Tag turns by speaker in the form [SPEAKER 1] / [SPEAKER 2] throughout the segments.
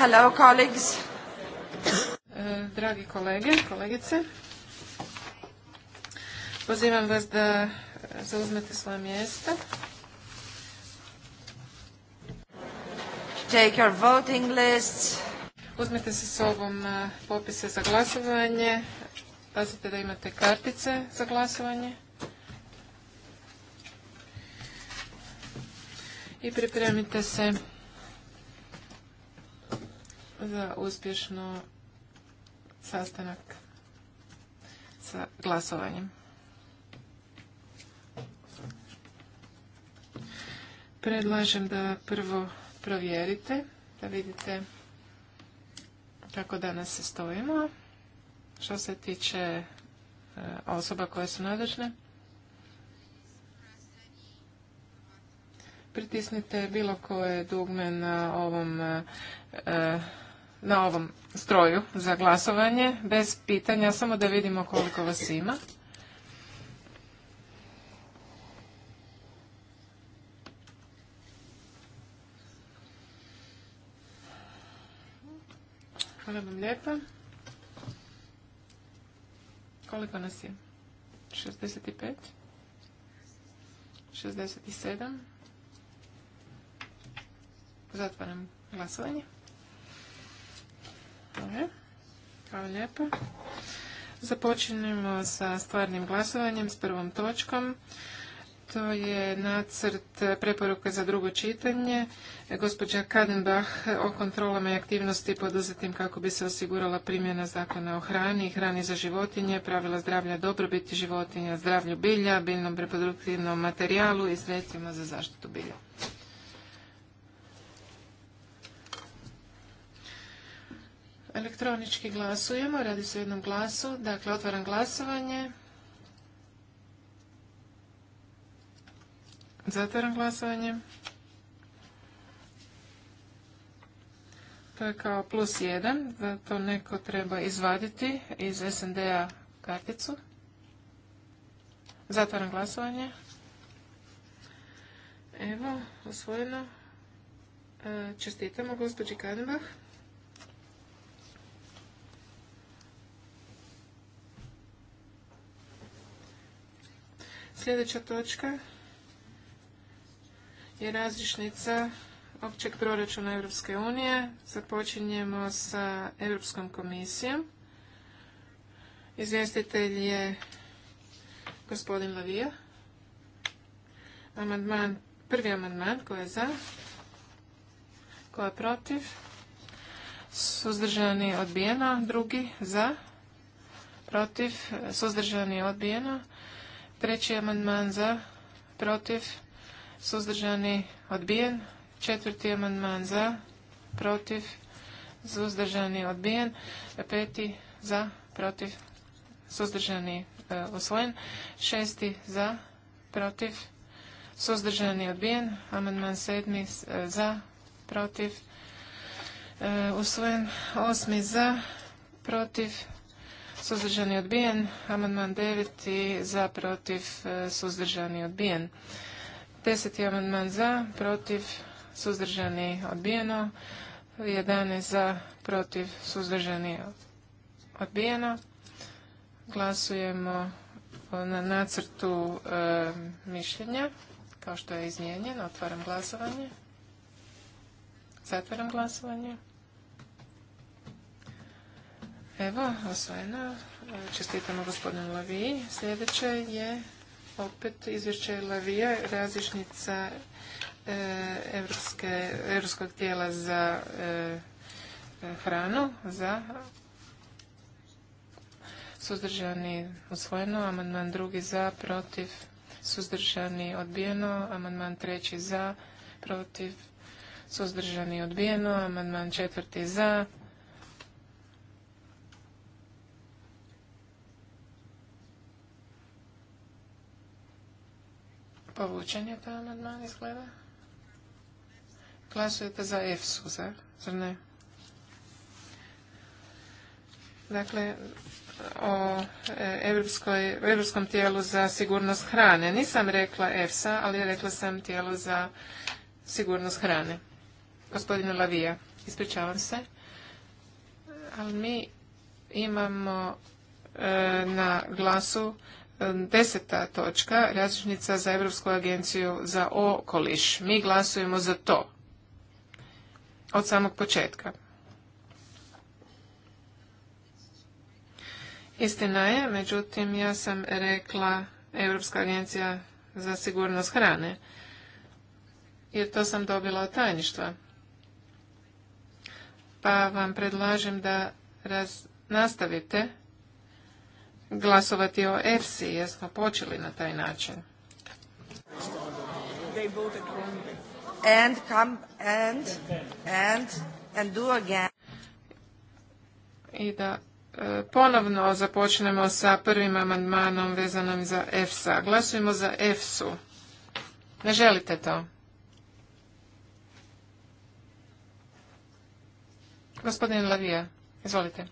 [SPEAKER 1] Hello, colleagues. E, dragi kolege, kolegice, pozivam vas da zauzmete svoje mjesta. Take your voting lists. Uzmite sa sobom e, popise za glasovanje. Pazite da imate kartice za glasovanje. I pripremite se za uspješno sastanak sa glasovanjem. Predlažem da prvo provjerite, da vidite kako danas se stojimo. Što se tiče e, osoba koje su nadležne, pritisnite bilo koje dugme na ovom e, na ovom stroju za glasovanje bez pitanja, samo da vidimo koliko vas ima. Hvala vam lijepa. Koliko nas je? 65? 67? Zatvaram glasovanje. Dobro. Hvala lijepa. Započinjemo sa stvarnim glasovanjem s prvom točkom. To je nacrt preporuke za drugo čitanje. Gospođa Kadenbach o kontrolama i aktivnosti poduzetim kako bi se osigurala primjena zakona o hrani i hrani za životinje, pravila zdravlja dobrobiti životinja, zdravlju bilja, biljnom reproduktivnom materijalu i sredstvima za zaštitu bilja. Elektronički glasujemo, radi se o jednom glasu. Dakle, otvaram glasovanje. Zatvaram glasovanje. To je kao plus jedan, to neko treba izvaditi iz SND-a karticu. Zatvaram glasovanje. Evo, osvojeno. E, čestitamo gospođi Kadenbach. Sljedeća točka je različnica općeg proračuna Europske unije. Započinjemo sa Europskom komisijom. Izvjestitelj je gospodin Lavija. Amandman, prvi amandman, ko je za? Ko je protiv? Suzdržani odbijeno. Drugi za? Protiv? Suzdržani odbijeno. Treći amandman za, protiv, suzdržani, odbijen. Četvrti amandman za, protiv, suzdržani, odbijen. Peti za, protiv, suzdržani, e, usvojen. Šesti za, protiv, suzdržani, odbijen. Amandman sedmi e, za, protiv, e, usvojen. Osmi za, protiv, suzdržani odbijen. Amandman 9. za, protiv, e, suzdržani odbijen. 10. amandman za, protiv, suzdržani odbijeno. 11 za, protiv, suzdržani odbijeno. Glasujemo na nacrtu e, mišljenja, kao što je izmijenjeno. Otvaram glasovanje. Zatvaram glasovanje. Evo, osvojeno. Čestitamo gospodinu Laviji. Sljedeće je opet izvješće Lavija, različnica Europskog tijela za e, hranu, za suzdržani usvojeno, amandman drugi za, protiv, suzdržani odbijeno, amandman treći za, protiv, suzdržani odbijeno, amandman četvrti za, Povučen je taj amandman izgleda. Glasujete za EFSU, zar? Zar ne? Dakle, o Europskom Evropskom tijelu za sigurnost hrane. Nisam rekla EFSA, ali rekla sam tijelu za sigurnost hrane. Gospodine Lavija, ispričavam se. Ali mi imamo e, na glasu Deseta točka, različnica za Europsku agenciju za okoliš. Mi glasujemo za to od samog početka. Istina je, međutim, ja sam rekla Europska agencija za sigurnost hrane, jer to sam dobila od tajništva. Pa vam predlažem da nastavite glasovati o EFSI jer smo počeli na taj način. I da e, ponovno započnemo sa prvim amandmanom vezanom za EFSA. Glasujemo za EFSU. Ne želite to? Gospodin Lavija, izvolite.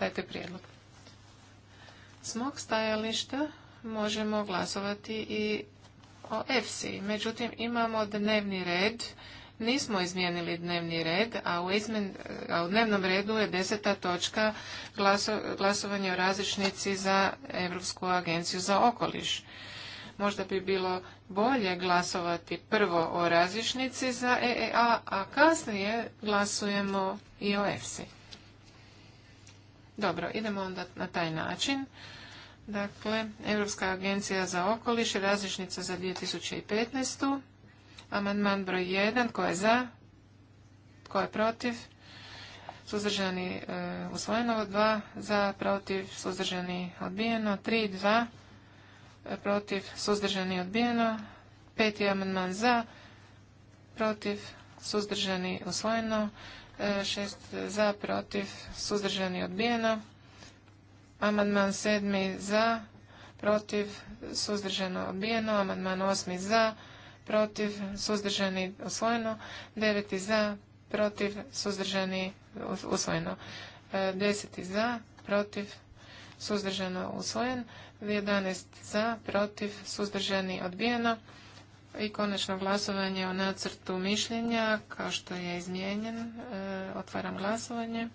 [SPEAKER 1] Dajte prijedlog. S mog stajališta možemo glasovati i o EFSI. Međutim, imamo dnevni red. Nismo izmijenili dnevni red, a u, izmen, a u dnevnom redu je deseta točka glasovanje o različnici za Europsku agenciju za okoliš. Možda bi bilo bolje glasovati prvo o različnici za EEA, a kasnije glasujemo i o EFSI. Dobro, idemo onda na taj način. Dakle, Europska agencija za okoliš i različnica za 2015. Amandman broj 1. Ko je za? Ko je protiv? Suzdržani e, usvojeno. 2. Za, protiv, suzdržani odbijeno. 3. 2. E, protiv, suzdržani odbijeno. 5. Amandman za, protiv, suzdržani usvojeno šest za, protiv, suzdržani odbijeno. Amandman sedmi za, protiv, suzdržano odbijeno. Amandman osmi za, protiv, suzdržani osvojeno. Deveti za, protiv, suzdržani usvojeno. E, deseti za, protiv, suzdržano usvojen. 11 za, protiv, suzdržani odbijeno i konačno glasovanje o nacrtu mišljenja kao što je izmijenjen. E, otvaram glasovanje.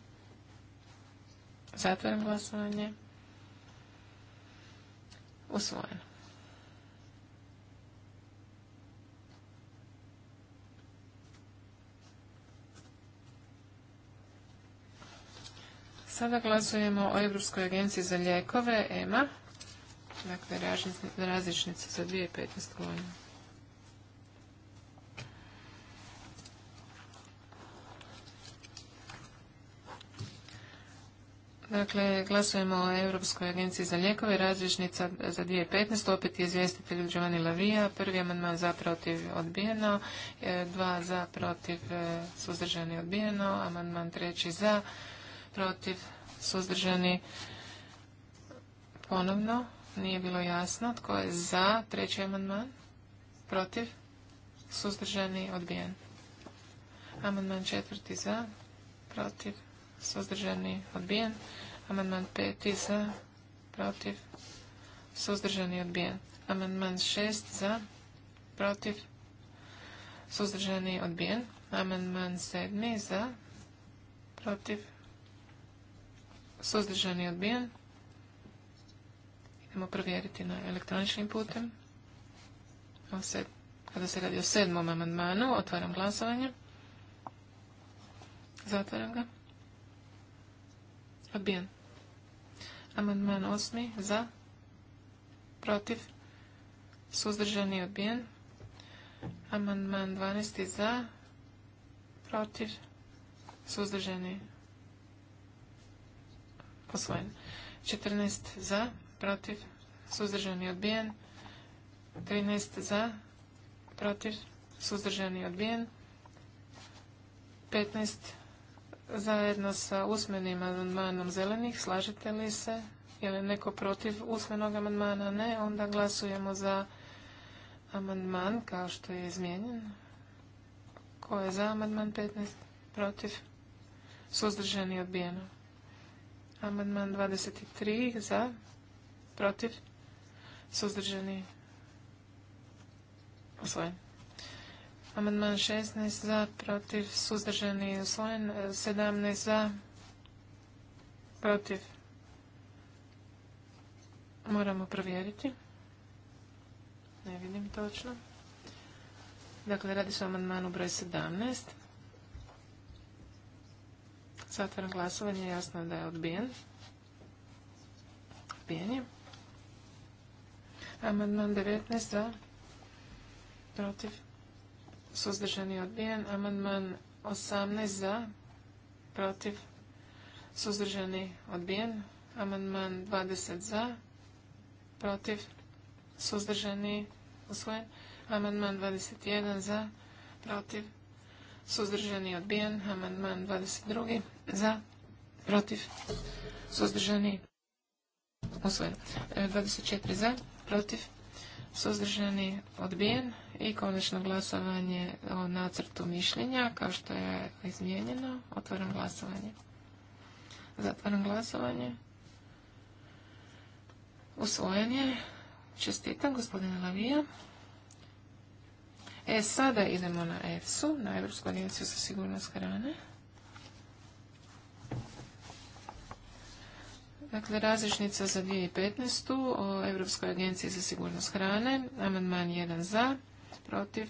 [SPEAKER 1] Zatvaram glasovanje. Usvojeno. Sada glasujemo o Europskoj agenciji za lijekove, EMA, dakle različnice za 2015. godinu. Dakle, glasujemo o Europskoj agenciji za lijekove, razrišnica za 2015, opet je izvjestitelj Giovanni Lavija, prvi amandman za protiv odbijeno, e, dva za protiv e, suzdržani odbijeno, amandman treći za protiv suzdržani ponovno, nije bilo jasno tko je za treći amandman, protiv suzdržani odbijen. Amandman četvrti za protiv suzdržani, odbijen. Amandman 5 za, protiv, suzdržani, odbijen. Amandman 6 za, protiv, suzdržani, odbijen. Amandman 7 za, protiv, suzdržani, odbijen. Idemo provjeriti na elektroničnim putem. Kada se radi o sedmom amandmanu, otvaram glasovanje. Zatvaram ga. Odbijen. Amandman osmi za, protiv, suzdržani odbijen. Amandman dvanesti za, protiv, suzdržani osvojen. 14 za, protiv, suzdržani odbijen. Trinaest za, protiv, suzdržani odbijen. Petnaest zajedno sa usmenim amandmanom zelenih. Slažete li se? Je li neko protiv usmenog amandmana? Ne. Onda glasujemo za amandman kao što je izmijenjen. Ko je za amandman 15? Protiv? Suzdržani odbijeno. Amandman 23 za? Protiv? Suzdržani? Osvojen. Amandman 16 za, protiv, suzdržani i usvojen. 17 za, protiv. Moramo provjeriti. Ne vidim točno. Dakle, radi se o amandmanu broj 17. Zatvaram glasovanje, jasno da je odbijen. Odbijen je. Amandman 19 za, protiv suzdržani odbijen. Amandman 18 za, protiv, suzdržani odbijen. Amandman 20 za, protiv, suzdržani usvojen. Amandman 21 za, protiv, suzdržani odbijen. Amandman 22 za, protiv, suzdržani usvojen. 24 e, za, protiv, suzdržani, odbijen i konačno glasovanje o nacrtu mišljenja kao što je izmijenjeno. Otvaram glasovanje. Zatvaram glasovanje. Usvojen je. Čestitam gospodine Lavija. E, sada idemo na EFSU, na Europsku agenciju za sigurnost hrane. Dakle, različnica za 2015. o Europskoj agenciji za sigurnost hrane. Amandman 1 za, protiv,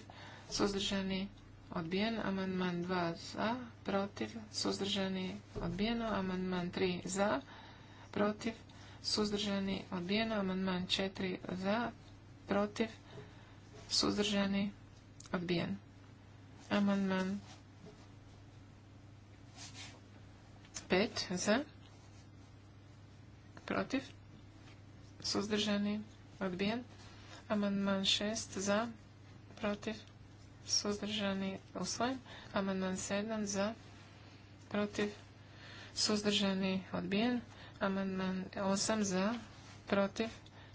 [SPEAKER 1] suzdržani, odbijen. Amandman 2 za, protiv, suzdržani, odbijeno. Amandman 3 za, protiv, suzdržani, odbijeno. Amandman 4 za, protiv, suzdržani, odbijen. Amandman 5 za, protiv, suzdržani, odbijen. Amandman 6 za, protiv, suzdržani, usvojen. Amandman 7 za, protiv, suzdržani, odbijen. Amandman 8 za, protiv,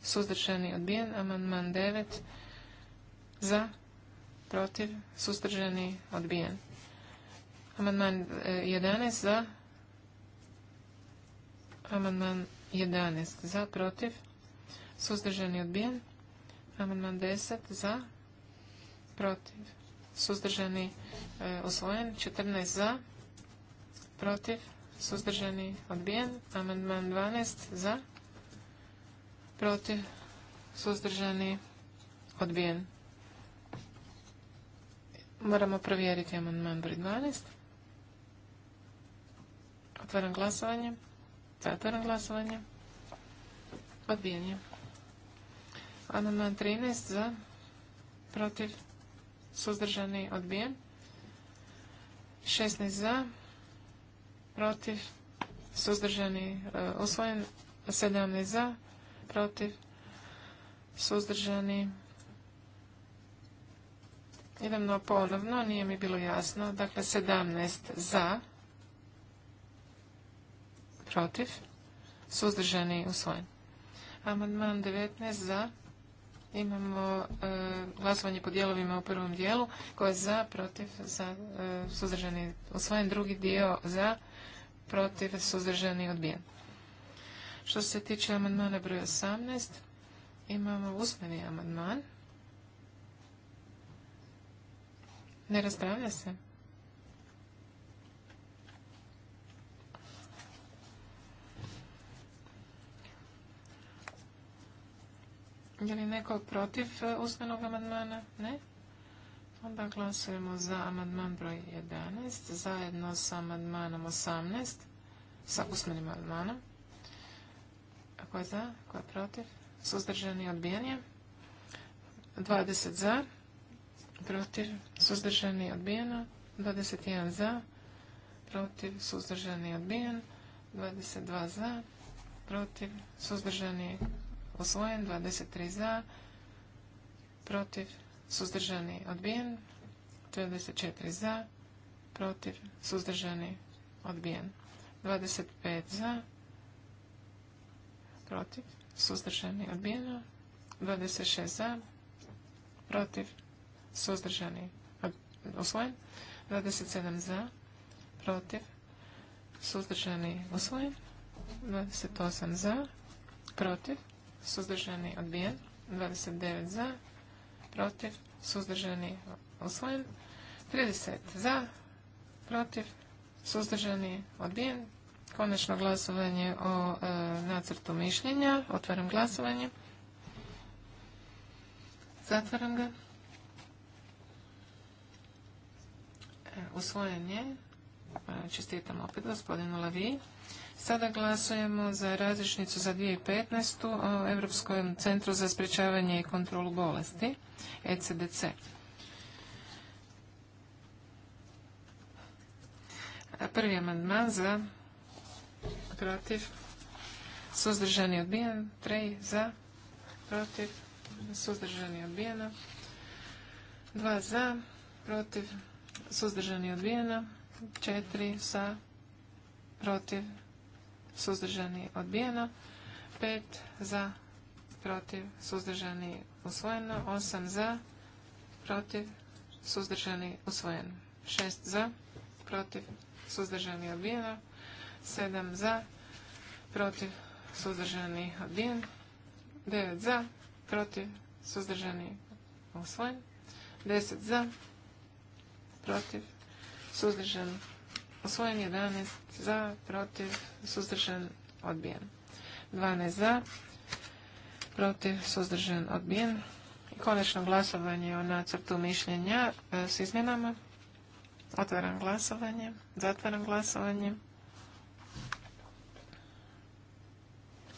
[SPEAKER 1] suzdržani, odbijen. Amandman 9 za, protiv, suzdržani, odbijen. Amandman 11 e, za, amandman 11 za, protiv, suzdržani odbijen. Amandman 10 za, protiv, suzdržani i osvojen. 14 za, protiv, suzdržani odbijen. Amandman 12 za, protiv, suzdržani odbijen. Moramo provjeriti amandman broj 12. Otvaram glasovanje. Zatvaram glasovanje. Odbijen je. Amandman 13 za, protiv, suzdržani, odbijen. 16 za, protiv, suzdržani, e, usvojen. 17 za, protiv, suzdržani. Idemo ponovno, nije mi bilo jasno. Dakle, 17 za, protiv, suzdržani, usvojen. Amandman 19 za, imamo e, glasovanje po dijelovima u prvom dijelu, koje je za, protiv, za, e, suzdržani, usvojen, drugi dio za, protiv, suzdržani, odbijen. Što se tiče amandmana broj 18, imamo usmeni amandman. Ne raspravlja se. Je li neko protiv e, usmenog amandmana? Ne. Onda glasujemo za amandman broj 11, zajedno sa amandmanom 18, sa usmenim amandmanom. Ko je za? Ko je protiv? Suzdržani odbijanje. 20 za, protiv, suzdržani odbijeno. 21 za, protiv, suzdržani odbijen. 22 za, protiv, suzdržani usvojen, 23 za, protiv, suzdržani, odbijen, 24 za, protiv, suzdržani, odbijen, 25 za, protiv, suzdržani, odbijeno, 26 za, protiv, suzdržani, usvojen, 27 za, protiv, suzdržani, usvojen, 28 za, protiv, suzdržani, odbijen. 29 za, protiv, suzdržani, usvojen. 30 za, protiv, suzdržani, odbijen. Konačno glasovanje o e, nacrtu mišljenja. Otvaram glasovanje. Zatvaram ga. E, usvojen je. E, čestitam opet gospodinu Laviji. Sada glasujemo za različnicu za 2015. o Europskom centru za sprječavanje i kontrolu bolesti, ECDC. Prvi amandman za, protiv, suzdržani odbijan treji za, protiv, suzdržani odbijeno, dva za, protiv, suzdržani odbijeno, četiri za, protiv, suzdržani, odbijeno. 5 za, protiv, suzdržani, usvojeno. 8 za, protiv, suzdržani, usvojeno. 6 za, protiv, suzdržani, odbijeno. 7 za, protiv, suzdržani, odbijen. 9 za, protiv, suzdržani, usvojen. 10 za, protiv, suzdržani, Osvojen 11 za, protiv, suzdržan, odbijen. 12 za, protiv, suzdržan, odbijen. I konačno glasovanje o nacrtu mišljenja e, s izmjenama. Otvaram glasovanje, zatvaram glasovanje.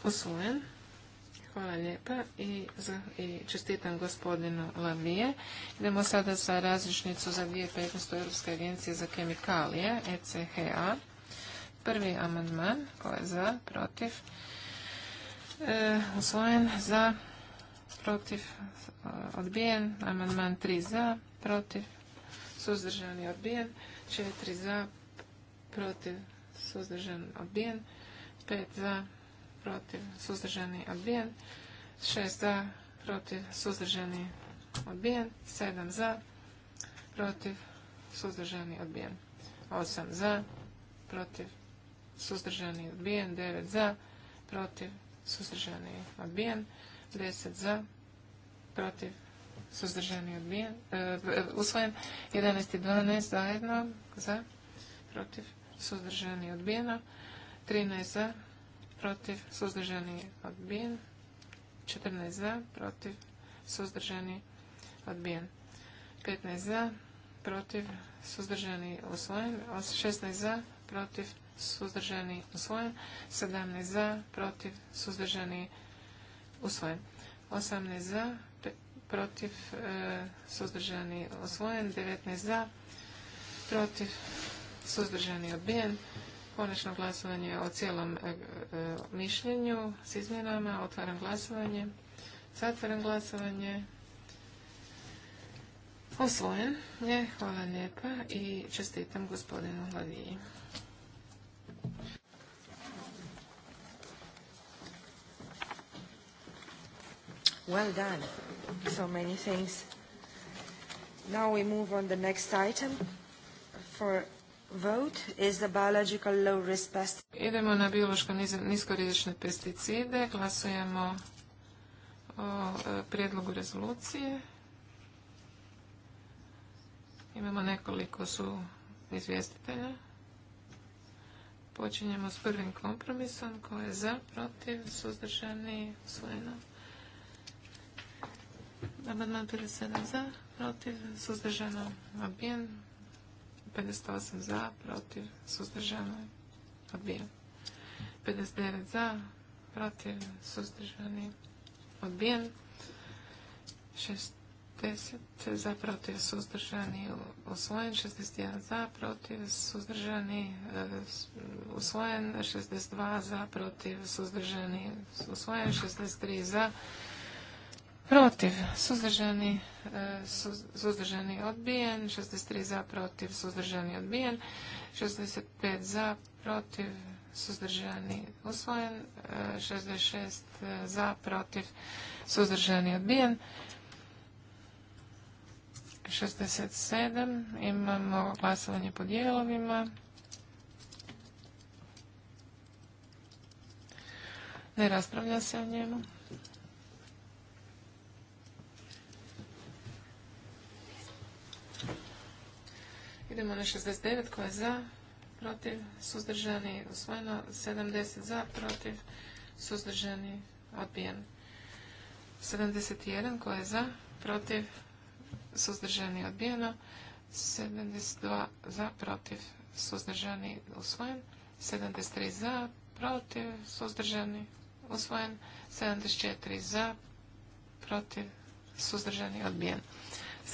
[SPEAKER 1] Usvojen. Hvala lijepa i, čestitam gospodinu Lavije. Idemo sada sa različnicu za 2015. Europske agencije za kemikalije, ECHA. Prvi amandman, ko je za, protiv, e, usvojen, za, protiv, odbijen, amandman 3 za, protiv, suzdržan i odbijen, 4 za, protiv, suzdržan, odbijen, 5 za, protiv, suzdržani, odbijen. 6 za, protiv, suzdržani, odbijen. 7 za, protiv, suzdržani, odbijen. 8 za, protiv, suzdržani, odbijen. 9 za, protiv, suzdržani, odbijen. 10 za, protiv, suzdržani, odbijen. E, e usvojen. 11 i 12 zajedno, za, protiv, suzdržani, odbijeno. 13 za, protiv, suzdržani, odbijen. 14 za, protiv, suzdržani, odbijen. 15 za, protiv, suzdržani, usvojen. 16 za, protiv, suzdržani, usvojen. 17 za, protiv, suzdržani, usvojen. 18 za, protiv, e, suzdržani, usvojen. 19 za, protiv, suzdržani, odbijen. Konačno glasovanje o cijelom e, e, mišljenju s izmjenama. Otvaram glasovanje. Zatvaram glasovanje. Osvojen je. Hvala lijepa i čestitam gospodinu Laviji.
[SPEAKER 2] Well done. So many things. Now we move on the next item
[SPEAKER 3] for
[SPEAKER 1] Idemo na biološko niskorizične pesticide. Glasujemo o e, prijedlogu rezolucije. Imamo nekoliko su izvjestitelja. Počinjemo s prvim kompromisom koji je za, protiv, suzdržani, usvojeno. se 57 za, protiv, suzdržano, obijen, 58 za, protiv, suzdržano, odbijen. 59 za, protiv, suzdržani, odbijen. 60 za, protiv, suzdržani, usvojen. 61 eh, za, protiv, suzdržani, usvojen. 62 za, protiv, suzdržani, usvojen. 63 za, protiv, suzdržani, e, suzdržani odbijen, 63 za, protiv, suzdržani odbijen, 65 za, protiv, suzdržani usvojen, 66 e, e, za, protiv, suzdržani odbijen, 67 imamo glasovanje po dijelovima, ne raspravlja se o njemu. Idemo na 69 tko je za, protiv, suzdržani, usvojeno, 70 za, protiv, suzdržani, odbijen. 71 koje je za, protiv, suzdržani, odbijeno, 72 za, protiv, suzdržani, usvojen, 73 za, protiv, suzdržani, usvojen, 74 za, protiv, suzdržani, odbijen,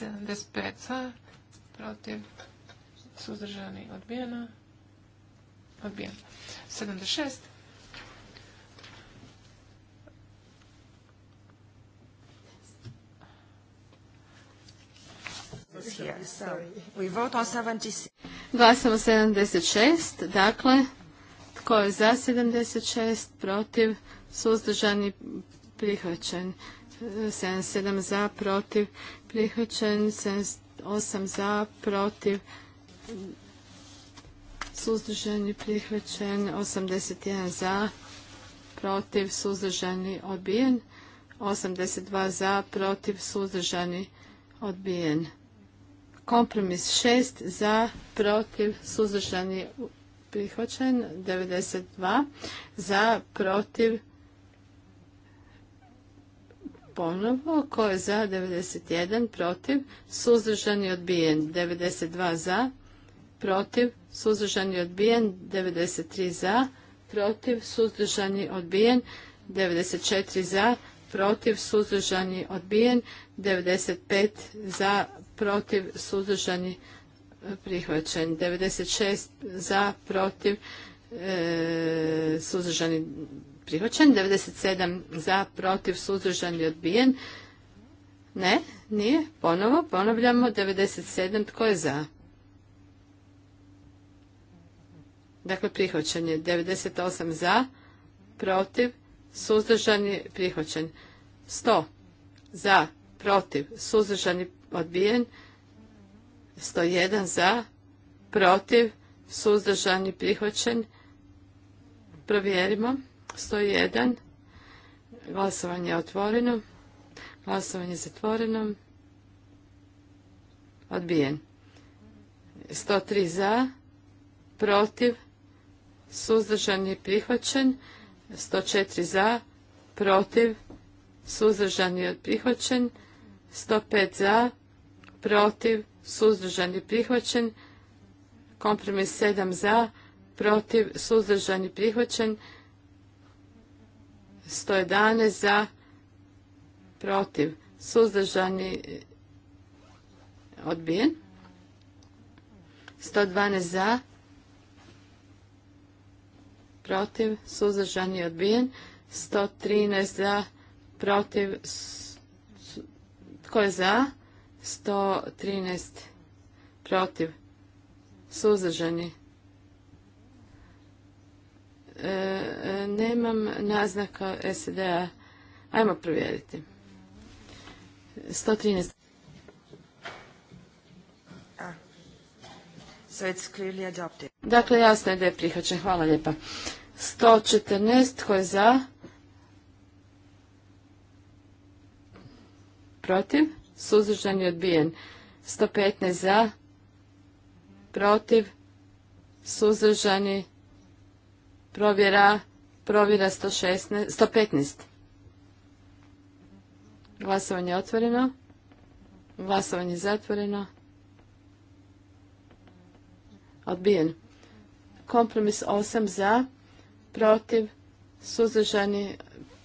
[SPEAKER 1] 75 za, protiv, suzdržani, odbijeno, odbijeno. 76.
[SPEAKER 3] Glasamo 76, dakle, tko je za 76, protiv, suzdržani, prihvaćen. 77 za, protiv, prihvaćen, 78 za, protiv, suzdržani prihvaćen 81 za protiv suzdržani odbijen 82 za protiv suzdržani odbijen kompromis 6 za protiv suzdržani prihvaćen 92 za protiv ponovo ko je za 91 protiv suzdržani odbijen 92 za protiv, suzdržani odbijen, 93 za, protiv, suzdržani odbijen, 94 za, protiv, suzdržani odbijen, 95 za, protiv, suzdržani e, prihvaćen, 96 za, protiv, e, suzdržani prihvaćen, 97 za, protiv, suzdržani odbijen, ne, nije, ponovo, ponavljamo, 97, tko je za? Dakle, prihvaćen je 98 za, protiv, suzdržani, prihvaćen. 100 za, protiv, suzdržani, odbijen. 101 za, protiv, suzdržani, prihvaćen. Provjerimo. 101. Glasovanje je otvoreno. Glasovanje je zatvoreno. Odbijen. 103 za, protiv, suzdržani prihvaćen, 104 za, protiv, suzdržani prihvaćen, 105 za, protiv, suzdržani prihvaćen, kompromis 7 za, protiv, suzdržani prihvaćen, 111 za, protiv, suzdržani odbijen, 112 za, protiv, suzdržan i odbijen. 113 za, protiv, tko je za? 113 protiv, suzdržan e, e, nemam naznaka SED-a. Ajmo provjeriti. 113. So it's clearly adopted. Dakle, jasno je da je prihvaćen. Hvala lijepa. 114. Tko je za? Protiv? Suzržan je odbijen. 115 za. Protiv? Suzdržani? Provjera? Provjera 116, 115. Glasovanje je otvoreno. Glasovanje je zatvoreno. Odbijen. Kompromis 8 za, protiv, suzdržani,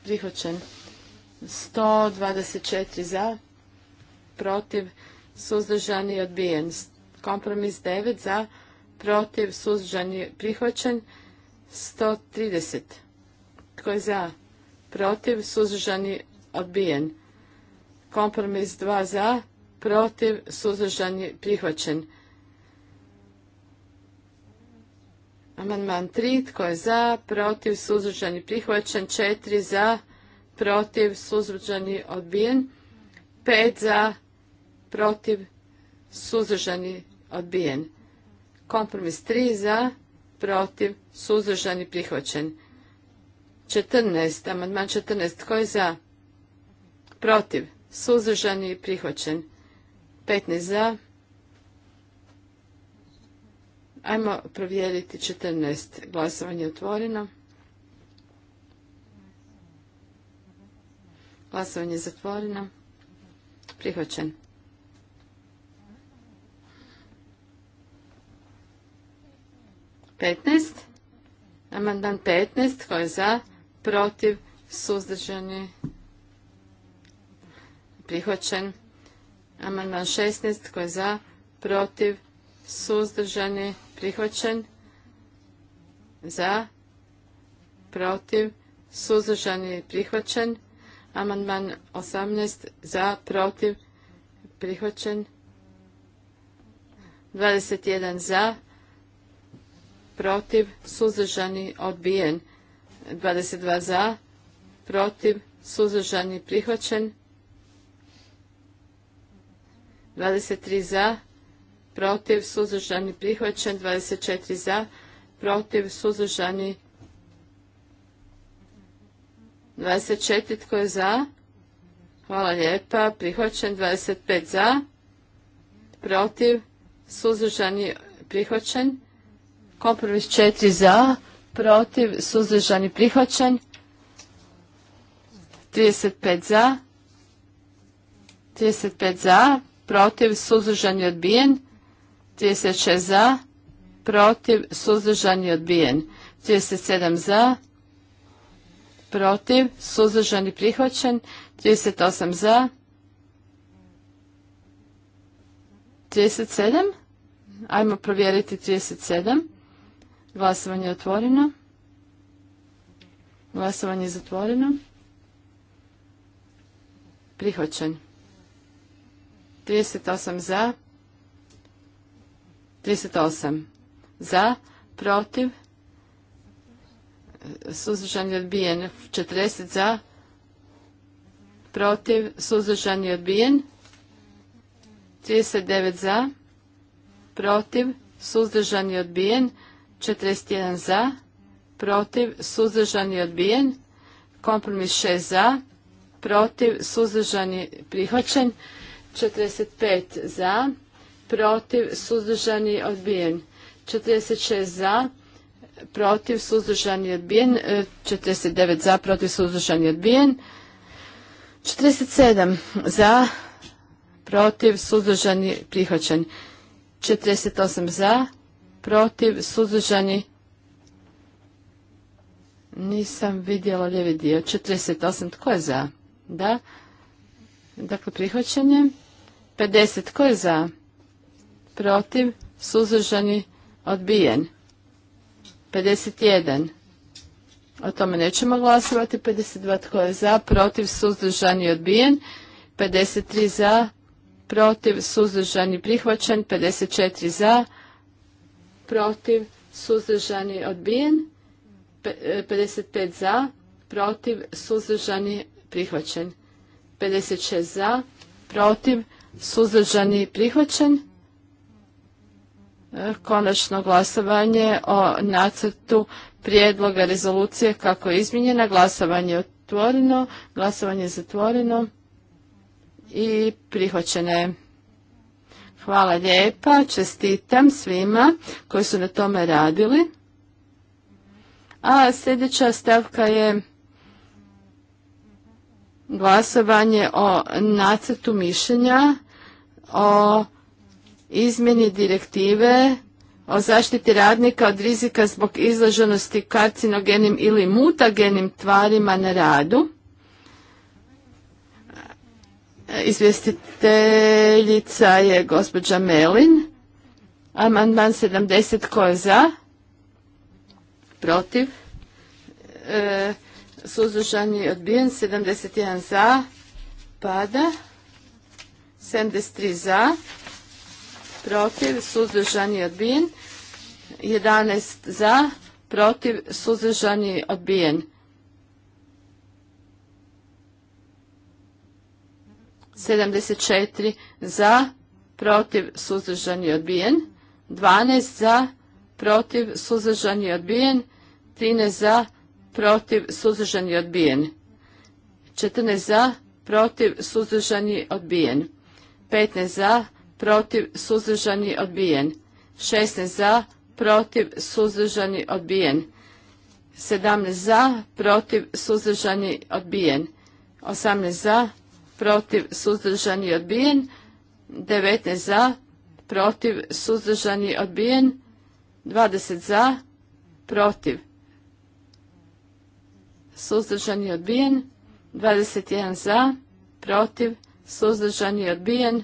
[SPEAKER 3] prihvaćen. 124 za, protiv, suzdržani, odbijen. Kompromis 9 za, protiv, suzdržani, prihvaćen. 130. Tko je za? Protiv, suzdržani, odbijen. Kompromis 2 za, protiv, suzdržani, prihvaćen. Amandman 3. Tko je za? Protiv? Suzdržani? Prihvaćen. 4. Za? Protiv? Suzdržani? Odbijen. 5. Za? Protiv? Suzdržani? Odbijen. Kompromis 3. Za? Protiv? Suzdržani? Prihvaćen. 14. Amandman 14. Tko je za? Protiv? Suzdržani? Prihvaćen. 15. Za? Ajmo provjeriti 14. Glasovanje je otvoreno. Glasovanje zatvoreno. Prihvaćen. Petnaest. Amandman petnaest. Tko je za? Protiv? Suzdržani? Prihvaćen. Amandman šesnaest. Tko je za? Protiv? Suzdržani? prihvaćen za protiv suzdržani prihvaćen amandman 18 za protiv prihvaćen 21 za protiv suzdržani odbijen 22 za protiv suzdržani prihvaćen 23 za protiv, suzdržani, prihvaćen. 24 za, protiv, suzdržani, 24 tko je za? Hvala lijepa. Prihvaćen 25 za. Protiv. Suzdržani prihvaćen. Kompromis 4 za. Protiv. Suzdržani prihvaćen. 35 za. 35 za. Protiv. Suzdržani odbijen. 36 za, protiv, suzdržan i odbijen. 37 za, protiv, suzdržan i prihvaćen. 38 za, 37. Ajmo provjeriti 37. Glasovanje je otvoreno. Glasovanje je zatvoreno. Prihvaćen. 38 za, 38 za, protiv, suzdržan i odbijen. 40 za, protiv, suzdržan i odbijen. 39 za, protiv, suzdržan i odbijen. 41 za, protiv, suzdržan i odbijen. Kompromis 6 za, protiv, suzdržan je prihvaćen. 45 za, protiv, suzdržani, odbijen. 46 za, protiv, suzdržani, odbijen. 49 e, za, protiv, suzdržani, odbijen. 47 za, protiv, suzdržani, prihvaćen. 48 za, protiv, suzdržani, nisam vidjela ljevi dio. 48, tko je za? Da. Dakle, prihvaćanje. 50, tko je za? protiv, suzdržani, odbijen. 51. O tome nećemo glasovati. 52 tko je za, protiv, suzdržani, odbijen. 53 za, protiv, suzdržani, prihvaćen. 54 za, protiv, suzdržani, odbijen. 55 e, za, protiv, suzdržani, prihvaćen. 56 za, protiv, suzdržani, prihvaćen konačno glasovanje o nacrtu prijedloga rezolucije kako je izmijenjena. Glasovanje je otvoreno, glasovanje je zatvoreno i prihvaćena je. Hvala lijepa, čestitam svima koji su na tome radili. A sljedeća stavka je glasovanje o nacrtu mišljenja o izmjeni direktive o zaštiti radnika od rizika zbog izloženosti karcinogenim ili mutagenim tvarima na radu. Izvjestiteljica je gospođa Melin. Amandman 70 ko je za? Protiv? E, je odbijen. 71 za? Pada. 73 za? protiv, suzdržani, odbijen. 11 za, protiv, suzdržani, odbijen. 74 za, protiv, suzdržani, odbijen. 12 za, protiv, suzdržani, odbijen. 13 za, protiv, suzdržani, odbijen. 14 za, protiv, suzdržani, odbijen. 15 za, protiv, suzdržani, odbijen. 16 za, protiv, suzdržani, odbijen. 17 za, protiv, suzdržani, odbijen. 18 za, protiv, suzdržani, odbijen. 19 za, protiv, suzdržani, odbijen. 20 za, protiv, suzdržani, odbijen. 21 za, protiv, suzdržani, odbijen.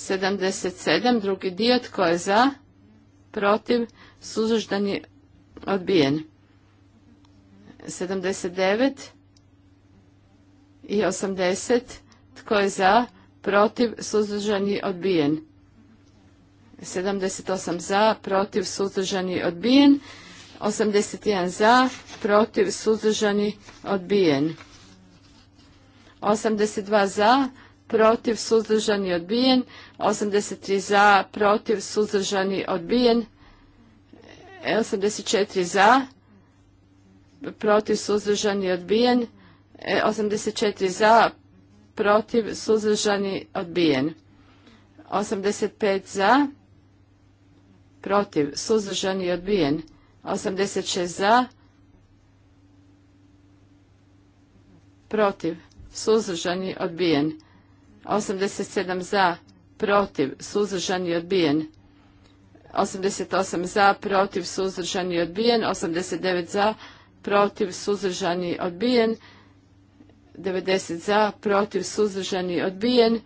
[SPEAKER 3] 77, drugi dio, tko je za, protiv, suzuždan je odbijen. 79 i 80, tko je za, protiv, suzuždan je odbijen. 78 za, protiv, suzuždan je odbijen. 81 za, protiv, suzdržani, odbijen. 82 za, protiv, suzdržani, odbijen. 83 za, protiv, suzdržani, odbijen. 84 e, za, protiv, suzdržani, odbijen. 84 e, za, protiv, suzdržani, odbijen. 85 za, protiv, suzdržani, odbijen. 86 za, protiv, suzdržani, odbijen. 87 za, protiv, suzdržani i odbijen. 88 za, protiv, suzdržani i odbijen. 89 za, protiv, suzdržani i odbijen. 90 za, protiv, suzdržani i odbijen.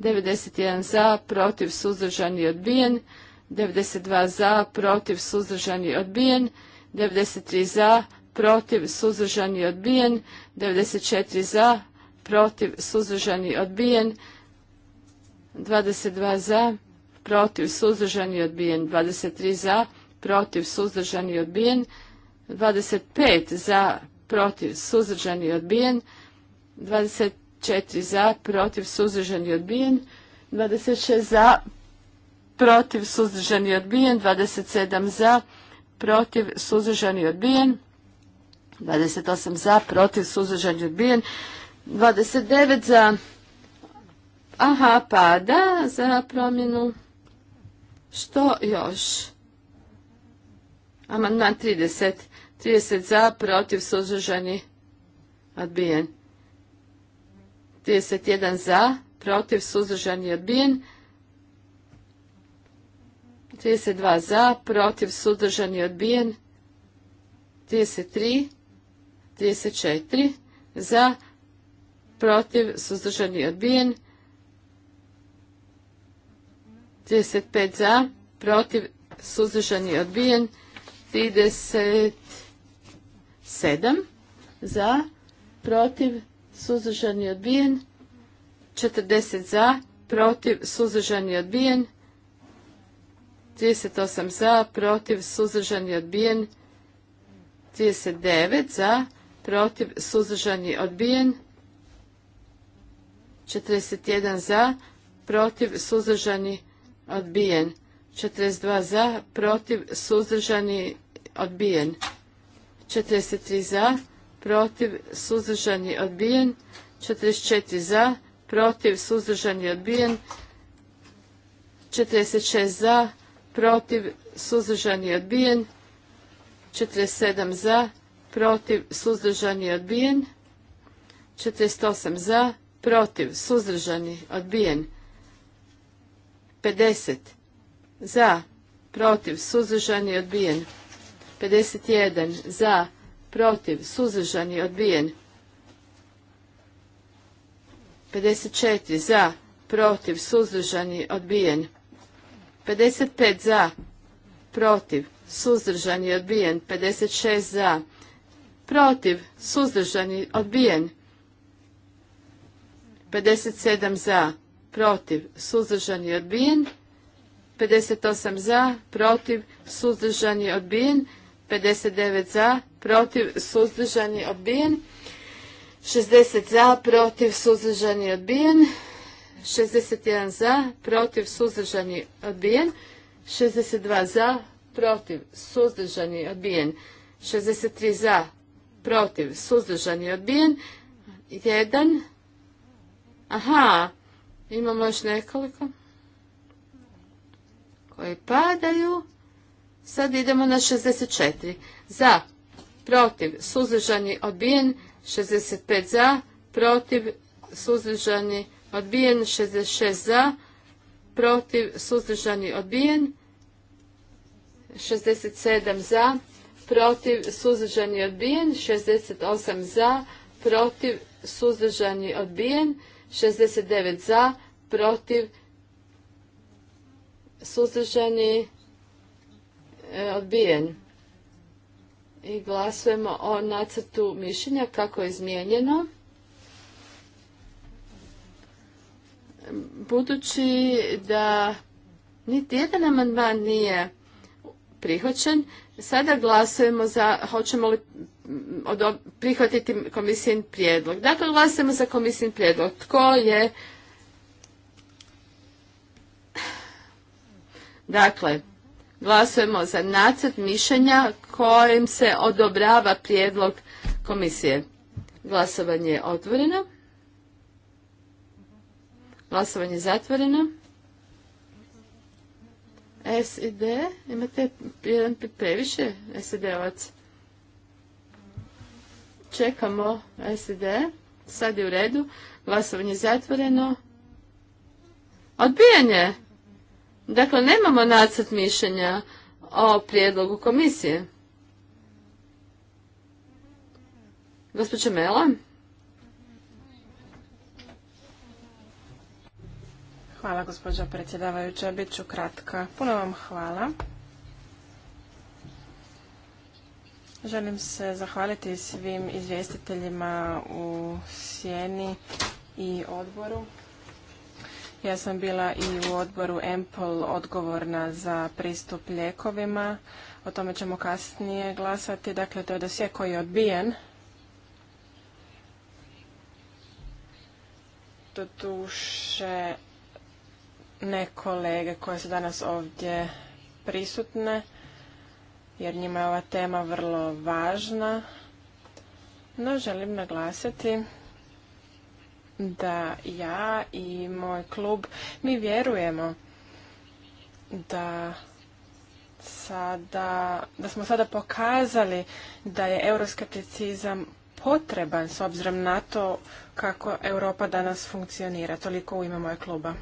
[SPEAKER 3] 91 za, protiv, suzdržani i odbijen. 92 za, protiv, suzdržani i odbijen. 93 za, protiv, suzdržani i odbijen. 94 za, protiv, suzdržani, odbijen. 22 za, protiv, suzdržani, odbijen. 23 za, protiv, suzdržani, odbijen. 25 za, protiv, suzdržani, odbijen. 24 za, protiv, suzdržani, odbijen. 26 za, protiv, suzdržani, odbijen. 27 za, protiv, suzdržani, odbijen. 28 za, protiv, suzdržani, odbijen. 29 za... Aha, pa da, za promjenu. Što još? Amandman 30. 30 za, protiv, suzdržani, odbijen. 31 za, protiv, suzdržani, odbijen. 32 za, protiv, suzdržani, odbijen. 33, 34 za, protiv protiv, suzdržani, odbijen. 35 za, protiv, suzdržani, odbijen. 37 za, protiv, suzdržani, odbijen. 40 za, protiv, suzdržani, odbijen. 38 za, protiv, suzdržani, odbijen. 39 za, protiv, suzdržani, odbijen. 41 za, protiv, suzdržani, odbijen. 42 za, protiv, suzdržani, odbijen. 43 za, protiv, suzdržani, odbijen. 44 za, protiv, suzdržani, odbijen. 46 za, protiv, suzdržani, odbijen. 47 za, protiv, suzdržani, odbijen. 48 za, protiv, suzdržani, odbijen. 50 za, protiv, suzdržani, odbijen. 51 za, protiv, suzdržani, odbijen. 54 za, protiv, suzdržani, odbijen. 55 za, protiv, suzdržani, odbijen. 56 za, protiv, suzdržani, odbijen. 57 za, protiv, suzdržan i odbijen. 58 za, protiv, suzdržan i odbijen. 59 za, protiv, suzdržan i odbijen. 60 za, protiv, suzdržan i odbijen. 61 za, protiv, suzdržan i odbijen. 62 za, protiv, suzdržan i odbijen. 63 za, protiv, suzdržan i odbijen. 1 Aha, imamo još nekoliko koji padaju. Sad idemo na 64. Za, protiv, suzdržani, odbijen, 65 za, protiv, suzdržani, odbijen, 66 za, protiv, suzdržani, odbijen, 67 za, protiv, suzdržani, odbijen, 68 za, protiv, suzdržani, odbijen, 69 za, protiv, suzdržani, e, odbijen. I glasujemo o nacrtu mišljenja kako je izmijenjeno. Budući da niti jedan amandman nije prihvaćen, sada glasujemo za hoćemo li prihvatiti komisijen prijedlog. Dakle, glasujemo za komisijen prijedlog. Tko je... Dakle, glasujemo za nacrt mišljenja kojim se odobrava prijedlog komisije. Glasovanje je otvoreno. Glasovanje je zatvoreno. S i D, imate jedan previše D ovac Čekamo SED. Sad je u redu. Glasovanje zatvoreno. Odbijanje. Dakle, nemamo nacrt mišljenja o prijedlogu komisije. Gospođa Mela. Hvala gospođa
[SPEAKER 2] predsjedavajuća, bit ću kratka. Puno vam hvala. Želim se zahvaliti svim izvjestiteljima u Sjeni i odboru. Ja sam bila i u odboru EMPOL odgovorna za pristup ljekovima. O tome ćemo kasnije glasati. Dakle, to je dosje koji je odbijen. tuše ne kolege koje su danas ovdje prisutne jer njima je ova tema vrlo važna. No želim naglasiti da ja i moj klub mi vjerujemo da sada, da smo sada pokazali da je euroskepticizam potreban s obzirom na to kako Europa danas funkcionira. Toliko u ime moje kluba.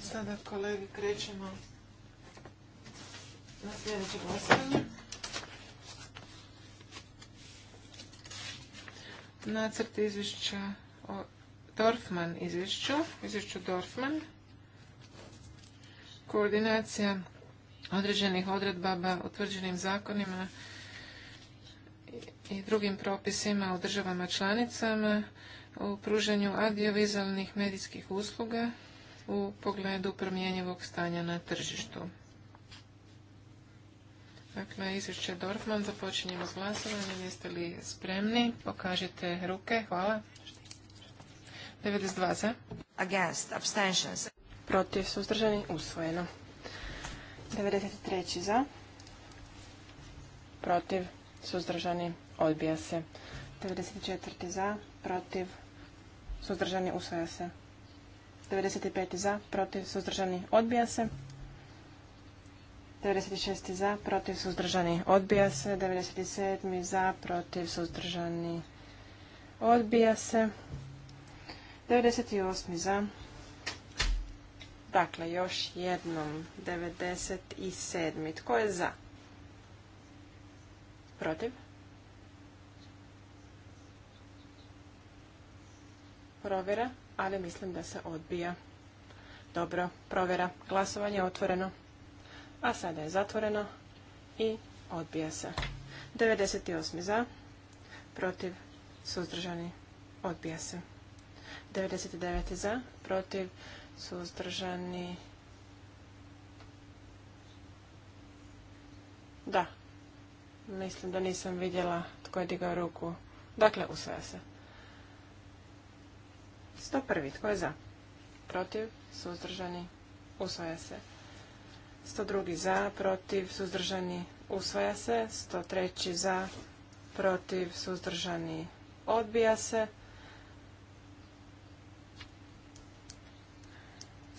[SPEAKER 1] Sada kolegi krećemo na sljedeće Nacrt izvješća o Dorfman izvješću, izvješću Dorfman, koordinacija određenih odredbaba utvrđenim zakonima i drugim propisima u državama članicama u pruženju audiovizualnih medijskih usluga u pogledu promjenjivog stanja na tržištu. Dakle, izvješće Dorfman, započinjemo s glasovanjem. Jeste li spremni?
[SPEAKER 2] Pokažite ruke. Hvala. 92 za. Against. Abstentions. Protiv. Suzdržani. Usvojeno. 93 za. Protiv. Suzdržani. Odbija se. 94 za. Protiv. Suzdržani. usvoja se. 95 za. Protiv. Suzdržani. Odbija se. 96. za, protiv, suzdržani, odbija se. 97. za, protiv, suzdržani, odbija se. 98. za. Dakle, još jednom. 97. Tko je za? Protiv? Provjera, ali mislim da se odbija. Dobro, provjera. Glasovanje otvoreno a sada je zatvoreno i odbija se. 98. za, protiv, suzdržani, odbija se. 99. za, protiv, suzdržani, da, mislim da nisam vidjela tko je digao ruku, dakle usvaja se. 101. tko je za, protiv, suzdržani, usvaja se. 102. za, protiv, suzdržani, usvaja se. 103. za, protiv, suzdržani, odbija se.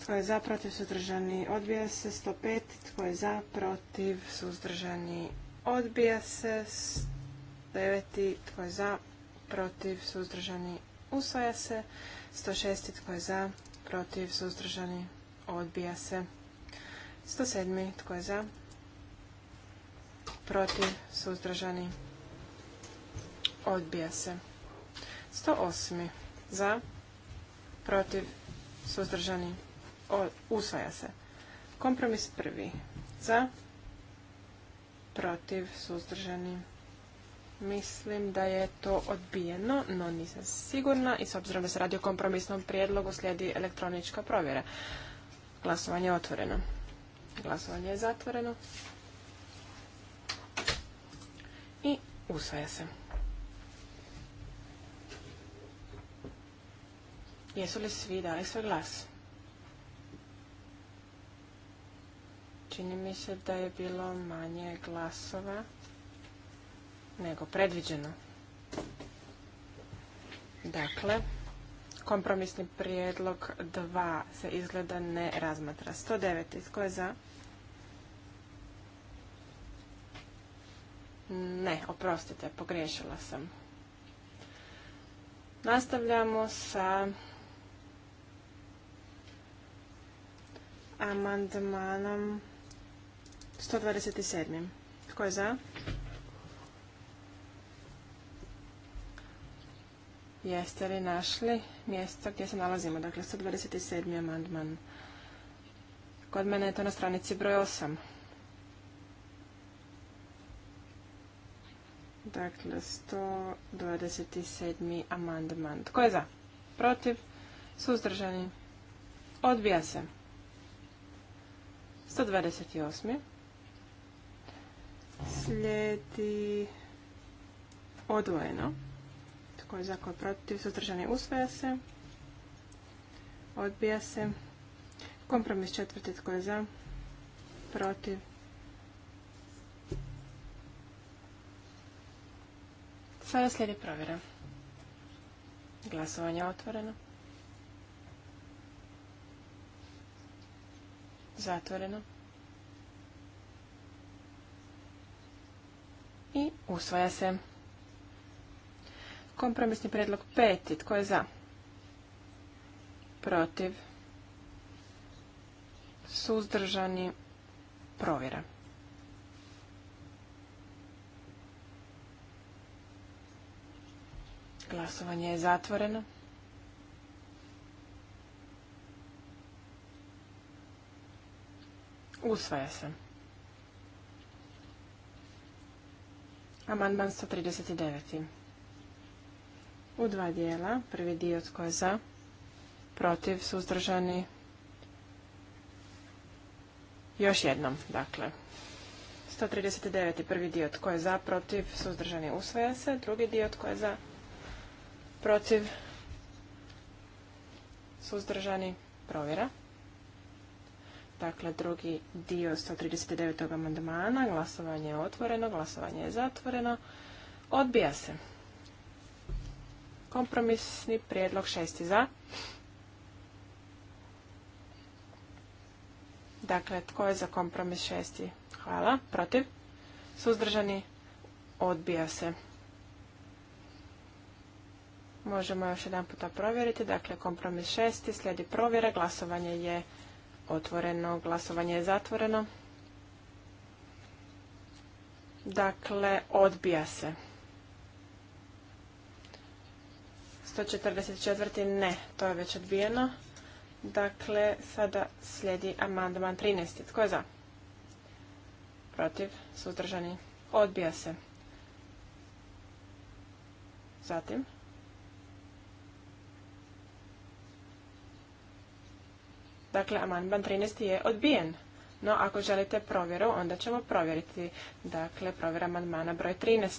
[SPEAKER 2] Tko je za, protiv, suzdržani, odbija se. 105. Tko je za, protiv, suzdržani, odbija se. 109, Tko je za, protiv, suzdržani, usvaja se. 106. Tko je za, protiv, suzdržani, odbija se. 107. Tko je za? Protiv. Suzdržani. Odbija se. 108. Za. Protiv. Suzdržani. Usvaja se. Kompromis prvi. Za. Protiv. Suzdržani. Mislim da je to odbijeno, no nisam sigurna i s obzirom da se radi o kompromisnom prijedlogu slijedi elektronička provjera. Glasovanje je otvoreno. Glasovanje je zatvoreno. I usvaja se. Jesu li svi dali svoj glas? Čini mi se da je bilo manje glasova nego predviđeno. Dakle, Kompromisni prijedlog 2 se izgleda ne razmatra. 109. Tko je za? Ne, oprostite, pogriješila sam. Nastavljamo sa amandmanom 127. Tko je za? Jeste li našli mjesto gdje se nalazimo? Dakle, 127. amandman. Kod mene je to na stranici broj 8. Dakle, 127. amandman. Tko je za? Protiv? Suzdržani? Odbija se. 128. Slijedi odvojeno je za, ko je protiv, suzdržani, usvaja se. Odbija se. Kompromis četvrti, tko je za, protiv. Sada slijedi provjera. Glasovanje otvoreno. Zatvoreno. I usvaja se. Kompromisni predlog peti. Tko je za? Protiv. Suzdržani. Provjera. Glasovanje je zatvoreno. Usvaja se. Amandman 139 u dva dijela. Prvi dio tko je za, protiv, suzdržani. Još jednom, dakle. 139. prvi dio tko je za, protiv, suzdržani, usvaja se. Drugi dio tko je za, protiv, suzdržani, provjera. Dakle, drugi dio 139. amandmana, glasovanje je otvoreno, glasovanje je zatvoreno, odbija se. Kompromisni prijedlog šesti za. Dakle, tko je za kompromis šesti? Hvala. Protiv? Suzdržani? Odbija se. Možemo još jedan puta provjeriti. Dakle, kompromis šesti slijedi provjera. Glasovanje je otvoreno. Glasovanje je zatvoreno. Dakle, odbija se. 144. ne, to je već odbijeno. Dakle, sada slijedi amandman 13. Tko je za? Protiv, suzdržani, odbija se. Zatim. Dakle, amandman 13. je odbijen. No, ako želite provjeru, onda ćemo provjeriti. Dakle, provjera amandmana broj 13.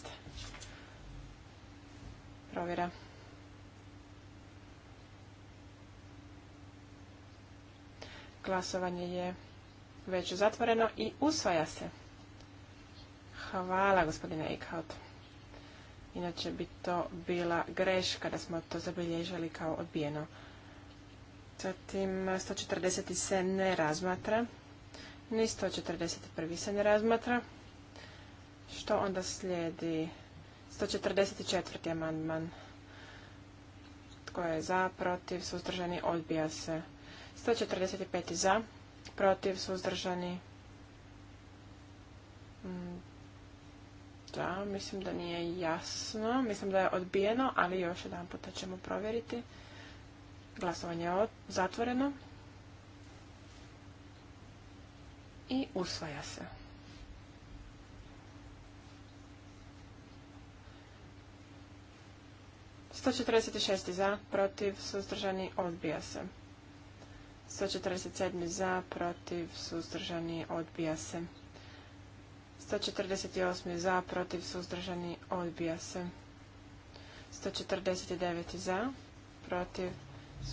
[SPEAKER 2] Provjera. Glasovanje je već zatvoreno i usvaja se. Hvala gospodine Eichhout. Inače bi to bila greška da smo to zabilježili kao odbijeno. Zatim 140. se ne razmatra. Ni 141. se ne razmatra. Što onda slijedi? 144. amandman. Tko je za, protiv, suzdržani, odbija se. 145 za, protiv, suzdržani. Mm, da, mislim da nije jasno. Mislim da je odbijeno, ali još jedan puta ćemo provjeriti. Glasovanje je zatvoreno. I usvaja se. Sto četrdeset šest za protiv suzdržani odbija se. 147. za, protiv, suzdržani, odbija se. 148. za, protiv, suzdržani, odbija se. 149. za, protiv,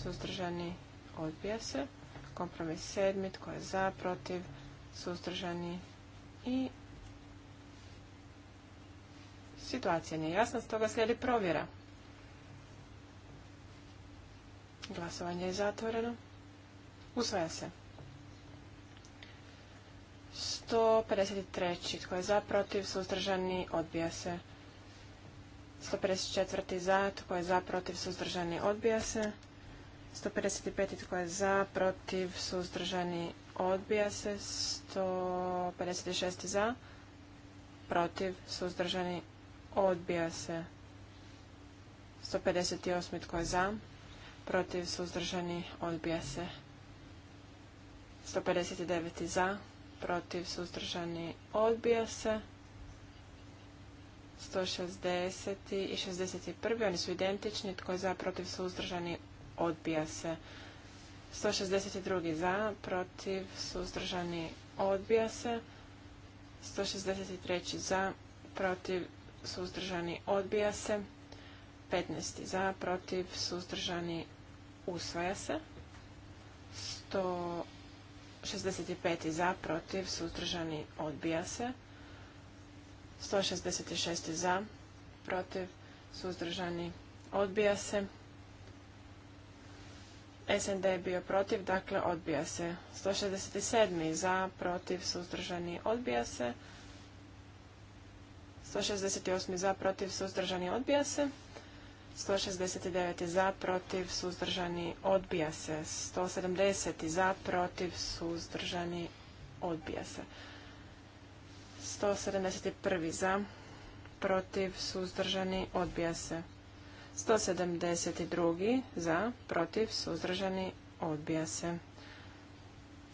[SPEAKER 2] suzdržani, odbija se. Kompromis 7. tko je za, protiv, suzdržani i situacija nije jasna, stoga slijedi provjera. Glasovanje je zatvoreno. Usvaja se. 153. Tko je za, protiv, suzdržani, odbija se. 154. za, tko je za, protiv, suzdržani, odbija se. 155. tko je za, protiv, suzdržani, odbija se. 156. za, protiv, suzdržani, odbija se. 158. tko je za, protiv, suzdržani, odbija se. 159. za, protiv, suzdržani, odbija se. 160. i 61. Oni su identični. Tko je za, protiv, suzdržani, odbija se. 162. za, protiv, suzdržani, odbija se. 163. za, protiv, suzdržani, odbija se. 15. za, protiv, suzdržani, usvaja se. 100 65. za, protiv, suzdržani, odbija se. 166. za, protiv, suzdržani, odbija se. SND je bio protiv, dakle odbija se. 167. za, protiv, suzdržani, odbija se. 168. za, protiv, suzdržani, odbija se. 169. za, protiv, suzdržani, odbija se. 170. za, protiv, suzdržani, odbija se. 171. za, protiv, suzdržani, odbija se. 172. za, protiv, suzdržani, odbija se.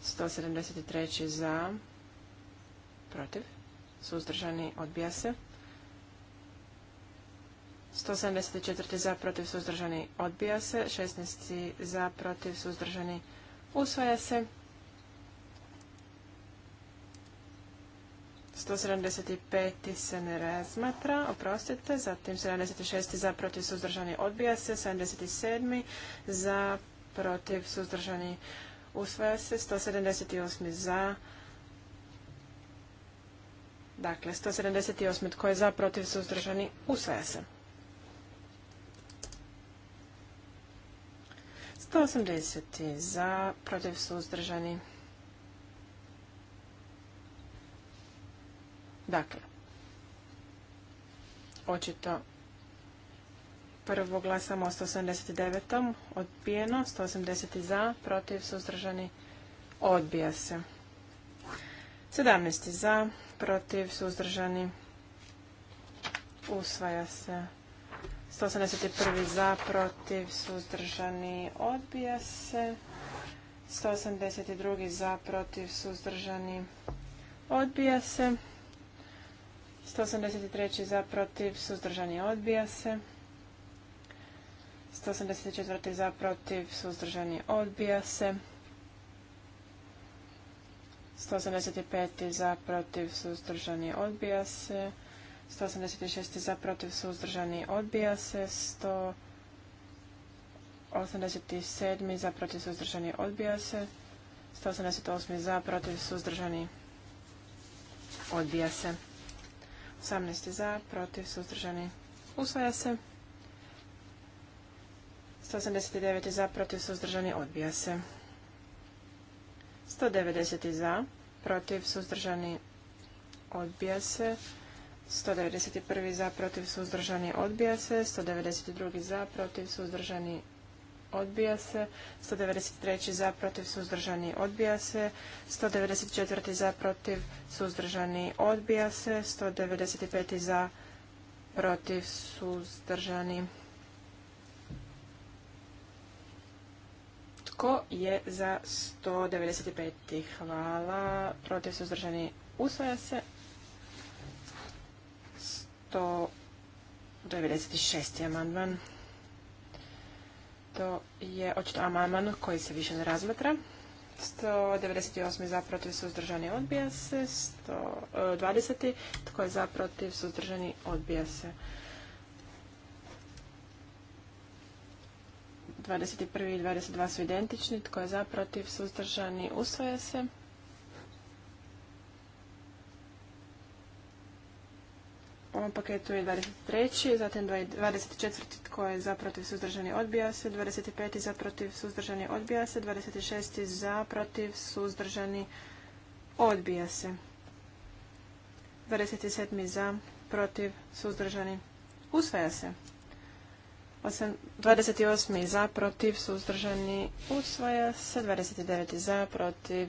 [SPEAKER 2] 173. za, protiv, suzdržani, odbija se. 174. za, protiv, suzdržani, odbija se. 16. za, protiv, suzdržani, usvaja se. 175. se ne razmatra, oprostite. Zatim 76. za, protiv, suzdržani, odbija se. 77. za, protiv, suzdržani, usvaja se. 178. za, Dakle, 178. Tko je za, protiv, suzdržani, usvaja se. 180. za, protiv suzdržani. Dakle, očito prvo glasamo o 189. odbijeno, 180. za, protiv suzdržani, odbija se. 17. za, protiv suzdržani, usvaja se. 181. za, protiv, suzdržani, odbija se. 182. za, protiv, suzdržani, odbija se. 183. za, protiv, suzdržani, odbija se. 184. za, protiv, suzdržani, odbija se. 185. za, protiv, suzdržani, odbija se. 186 za protiv suzdržani odbija se, 187 za protiv suzdržani odbija se, 188 za protiv suzdržani odbija se, 18 za protiv suzdržani usvaja se, 189 za protiv suzdržani odbija se, 190 za protiv suzdržani odbija se, 191. za, protiv, suzdržani, odbija se. 192. za, protiv, suzdržani, odbija se. 193. za, protiv, suzdržani, odbija se. 194. za, protiv, suzdržani, odbija se. 195. za, protiv, suzdržani. Tko je za 195. Hvala. Protiv, suzdržani, usvaja se. 196. amandman. To je očito amandman koji se više ne razmatra. 198. zaprotiv protiv suzdržani odbija se. 120. tko je za protiv suzdržani odbija se. 21. i 22 su identični. Tko je za protiv suzdržani usvaja se. ovom paketu je 23. Zatim 24. tko je za protiv suzdržani odbija se. 25. za protiv suzdržani odbija se. 26. za protiv suzdržani odbija se. 27. za protiv suzdržani usvaja se. 28. za protiv suzdržani usvaja se. 29. za protiv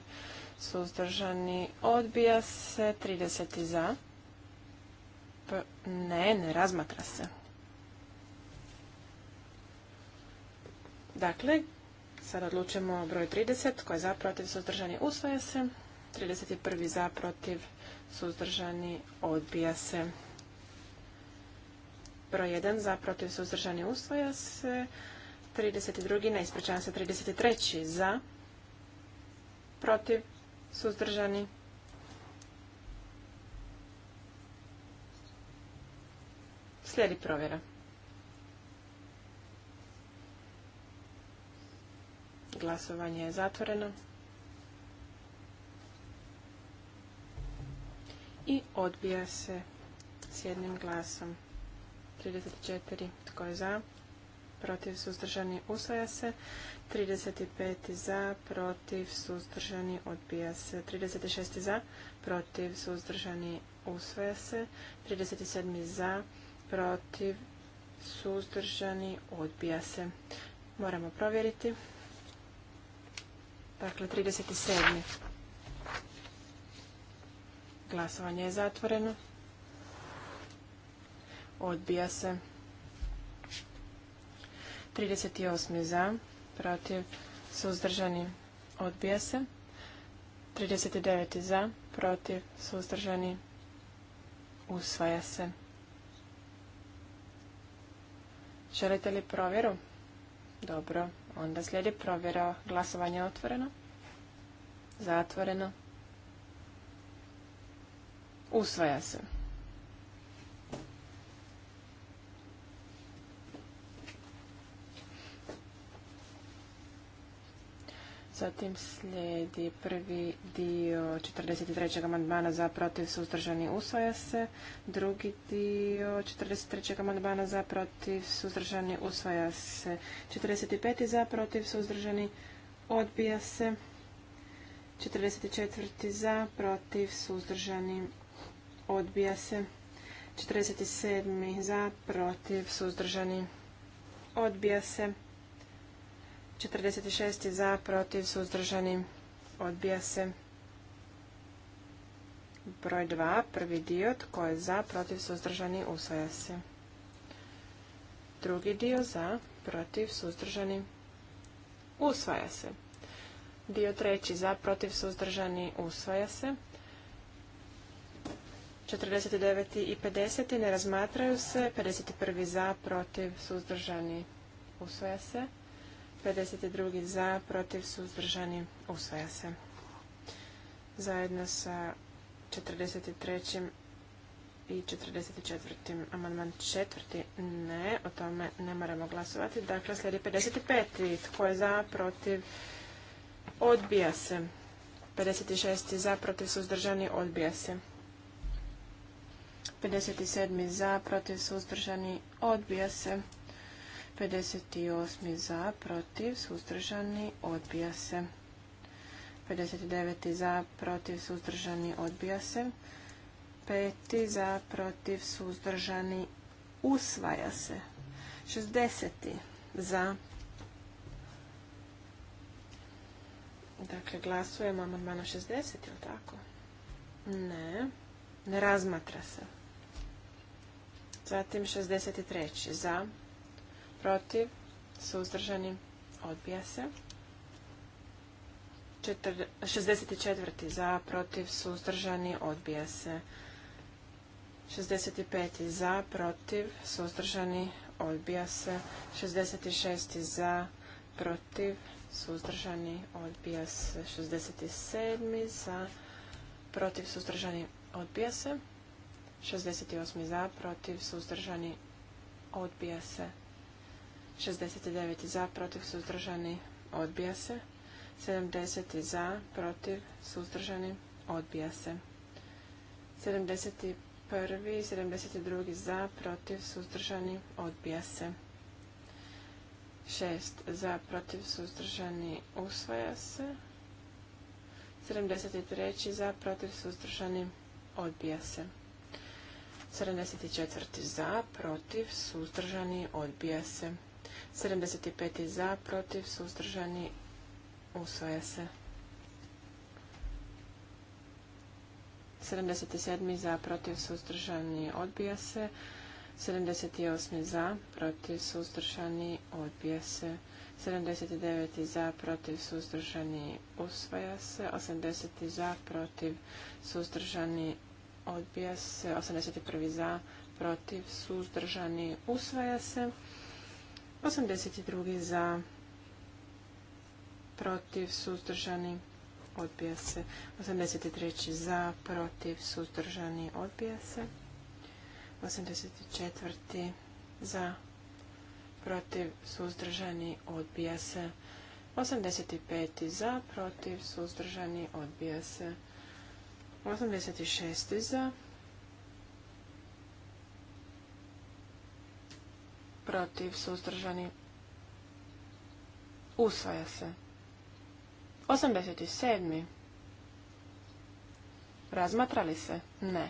[SPEAKER 2] suzdržani odbija se. 30. za ne, ne razmatra se. Dakle, sada odlučujemo broj 30, koji je za, protiv, suzdržani, usvaja se. 31. za, protiv, suzdržani, odbija se. Broj 1 za, protiv, suzdržani, usvaja se. 32. ne, ispričavam se, 33. za, protiv, suzdržani, usvaja se Slijedi provjera. Glasovanje je zatvoreno. I odbija se s jednim glasom. 34. Tko je za? Protiv suzdržani usvaja se. 35. za. Protiv suzdržani odbija se. 36. za. Protiv suzdržani usvaja se. 37. za protiv, suzdržani, odbija se. Moramo provjeriti. Dakle, 37. Glasovanje je zatvoreno. Odbija se. 38. za, protiv, suzdržani, odbija se. 39. za, protiv, suzdržani, usvaja se. Želite li provjeru? Dobro, onda slijedi provjera. Glasovanje otvoreno. Zatvoreno. Usvaja se. Zatim slijedi prvi dio 43. amandmana za protiv suzdržani usvaja se. Drugi dio 43. amandmana za protiv suzdržani usvaja se. 45. za protiv suzdržani odbija se. 44. za protiv suzdržani odbija se. 47. za protiv suzdržani odbija se. 46 za, protiv, suzdržani, odbija se. Broj 2, prvi dio, tko je za, protiv, suzdržani, usvaja se. Drugi dio za, protiv, suzdržani, usvaja se. Dio treći za, protiv, suzdržani, usvaja se. 49. i 50. ne razmatraju se. 51. za, protiv, suzdržani, usvaja se. 52. za, protiv, suzdržani, usvaja se. Zajedno sa 43. i 44. amandman četvrti ne, o tome ne moramo glasovati. Dakle, slijedi 55. Tko je za, protiv, odbija se. 56. za, protiv, suzdržani, odbija se. 57. za, protiv, suzdržani, odbija se. 58. za, protiv, suzdržani, odbija se. 59. za, protiv, suzdržani, odbija se. 5. za, protiv, suzdržani, usvaja se. 60. za, dakle glasujemo na 60, je li tako? Ne, ne razmatra se. Zatim 63. za, protiv, suzdržani, odbija se. 64. za, protiv, suzdržani, odbija se. 65. za, protiv, suzdržani, odbija se. 66. za, protiv, suzdržani, odbija se. 67. za, protiv, suzdržani, odbija se. 68. za, protiv, suzdržani, odbija se. 69 za, protiv, suzdržani, odbija se. 70 za, protiv, suzdržani, odbija se. 71 i 72 za, protiv, suzdržani, odbija se. 6 za, protiv, suzdržani, usvaja se. 73 za, protiv, suzdržani, odbija se. 74 za, protiv, suzdržani, odbija se. 75. za, protiv, suzdržani, usvaja se. 77. za, protiv, suzdržani, odbija se. 78. za, protiv, suzdržani, odbija se. 79. za, protiv, suzdržani, usvaja se. 80. za, protiv, suzdržani, odbija se. 81. za, protiv, suzdržani, usvaja se. 82 za, protiv, suzdržani, odbija se. 83 za, protiv, suzdržani, odbija se. 84 za, protiv, suzdržani, odbija se. 85 za, protiv, suzdržani, odbija se. 86 za, protiv, suzdržani, usvaja se. 87. Razmatrali se? Ne.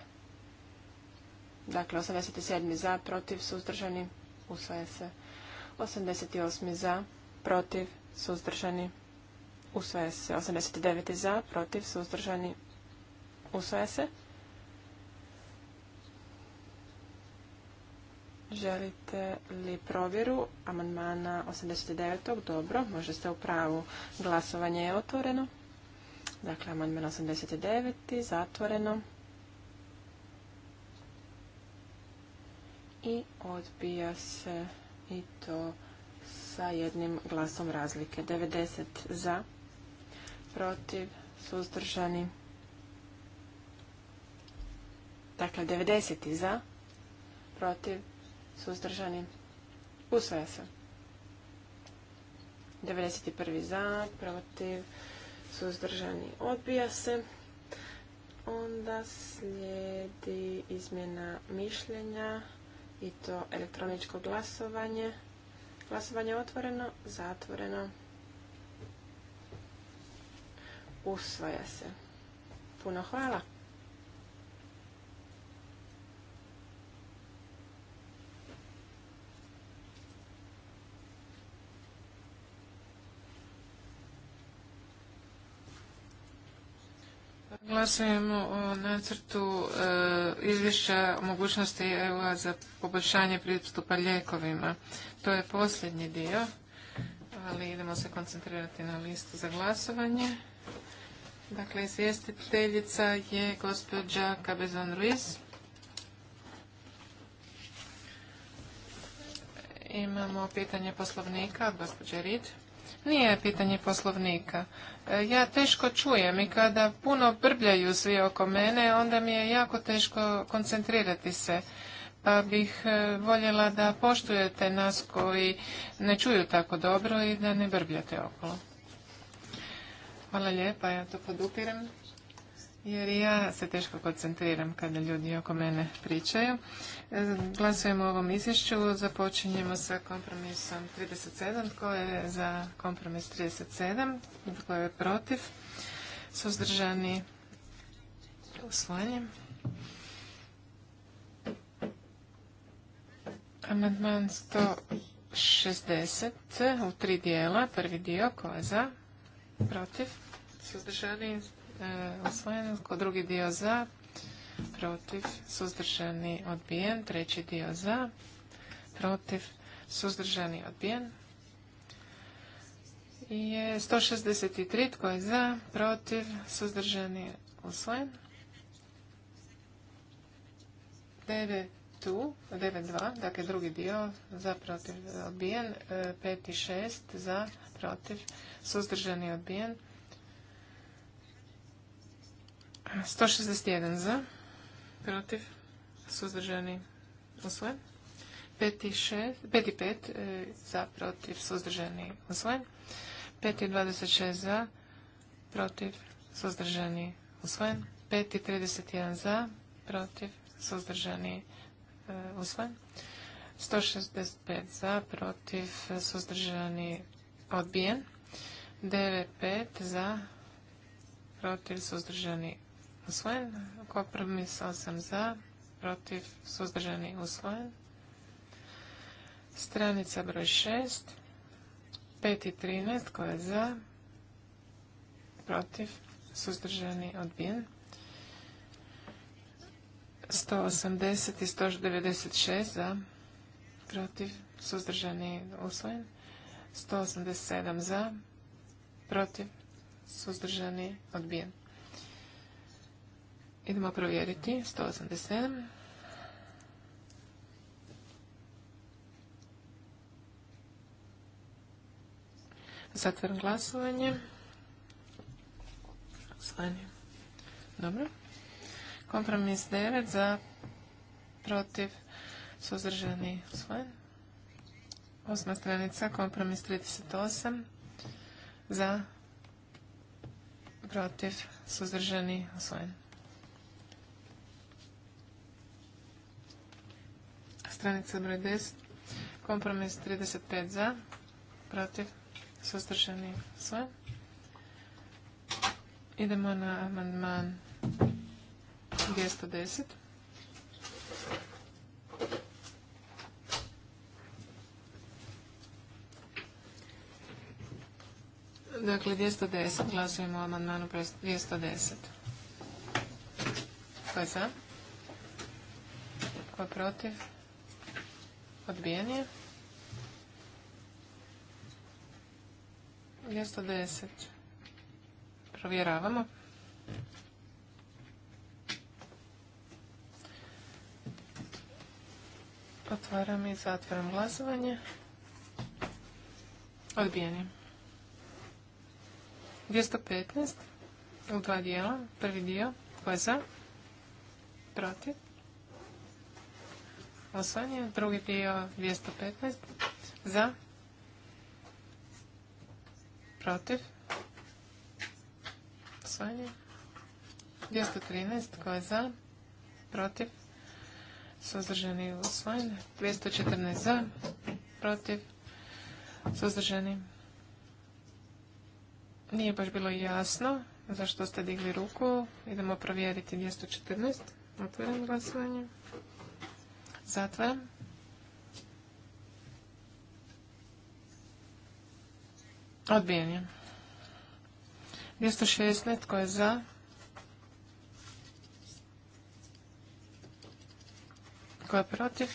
[SPEAKER 2] Dakle, 87. za, protiv, suzdržani, usvaja se. 88. za, protiv, suzdržani, usvaja se. 89. za, protiv, suzdržani, usvaja se. Želite li provjeru amandmana 89. Dobro, možda ste u pravu. Glasovanje je otvoreno. Dakle, amandman 89. Zatvoreno. I odbija se i to sa jednim glasom razlike. 90 za, protiv, suzdržani. Dakle, 90 za, protiv, suzdržani, usvaja se. 91. za, protiv, suzdržani, odbija se. Onda slijedi izmjena mišljenja i to elektroničko glasovanje. Glasovanje otvoreno, zatvoreno. Usvaja se. Puno hvala.
[SPEAKER 1] Glasujemo o nacrtu e, izvješća o mogućnosti EU-a za poboljšanje pristupa lijekovima. To je posljednji dio, ali idemo se koncentrirati na listu za glasovanje. Dakle, izvjestiteljica je gospođa Cabezon Ruiz. Imamo pitanje poslovnika od gospođe Rid. Nije pitanje poslovnika. E, ja teško čujem i kada puno brbljaju svi oko mene, onda mi je jako teško koncentrirati se. Pa bih e, voljela da poštujete nas koji ne čuju tako dobro i da ne brbljate okolo. Hvala lijepa, ja to podupiram jer ja se teško koncentriram kada ljudi oko mene pričaju. E, glasujemo o ovom izvješću, započinjemo sa kompromisom 37, tko je za kompromis 37, tko je protiv, suzdržani usvojenjem. Amandman 160 u tri dijela, prvi dio, ko je za, protiv, suzdržani E, usvojen. Drugi dio za, protiv, suzdržani, odbijen. Treći dio za, protiv, suzdržani, odbijen. i Je 163. Tko je za, protiv, suzdržani, usvojen. 92 dakle drugi dio za protiv odbijen, 5 e, i 6 za protiv, suzdržani odbijen, 161 za, protiv, suzdržani, usvojen. 5 i 6, 5 i 5 za, protiv, suzdržani, usvojen. 5 i 26 za, protiv, suzdržani, usvojen. 5 i 31 za, protiv, suzdržani, e, usvojen. 165 za, protiv, suzdržani, odbijen. 9, 5 za, protiv, suzdržani, usvojen. Kompromis 8 za, protiv, suzdržani, usvojen. Stranica broj 6, 5 i 13, koja je za, protiv, suzdržani, odbijen. 180 i 196 za, protiv, suzdržani, usvojen. 187 za, protiv, suzdržani, odbijen. Idemo provjeriti. 187. Zatvaram glasovanje. Slanje. Dobro. Kompromis 9 za protiv suzdržani usvojen. Osma stranica, kompromis 38 za protiv suzdržani usvojen. stranica broj 10. Kompromis 35 za, protiv, sustršeni sve. Idemo na amandman 210. Dakle, 210. Glasujemo o amandmanu 210. Ko je za? Ko je protiv? Odbijen je. 210. Provjeravamo. Otvaram i zatvaram glasovanje. Odbijen je. 215 u dva dijela. Prvi dio, tko je za? Protiv? glasovanje drugi bio 215. Za. Protiv. Osvanje. 213. Ko je za? Protiv. Suzdržani osvojen. 214 za. Protiv. Suzdržani. Nije baš bilo jasno zašto ste digli ruku. Idemo provjeriti 214. otvorim glasovanje. Zatvaram. Odbijen je. 216. Tko je za? Tko je protiv?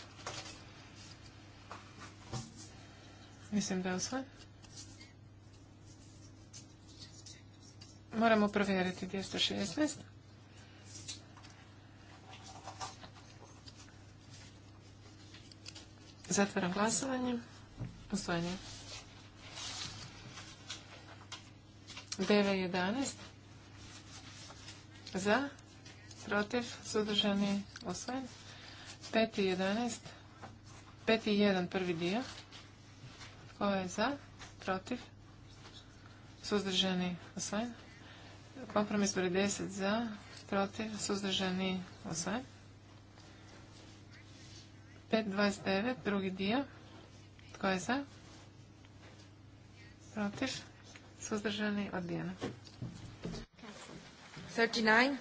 [SPEAKER 1] Mislim da je sve. Moramo provjeriti 216. Zatvaram glasovanje. Usvojenje. 9.11. Za. Protiv. Sudržani. Usvojen. 5.11. 5.1. Prvi dio. Ko je za? Protiv. Suzdržani. Usvojen. Kompromis broj 10. Za. Protiv. Suzdržani. Usvojen. 5.29, drugi dio. Tko je za? Protiv? Suzdržani? Odbijeno. 39.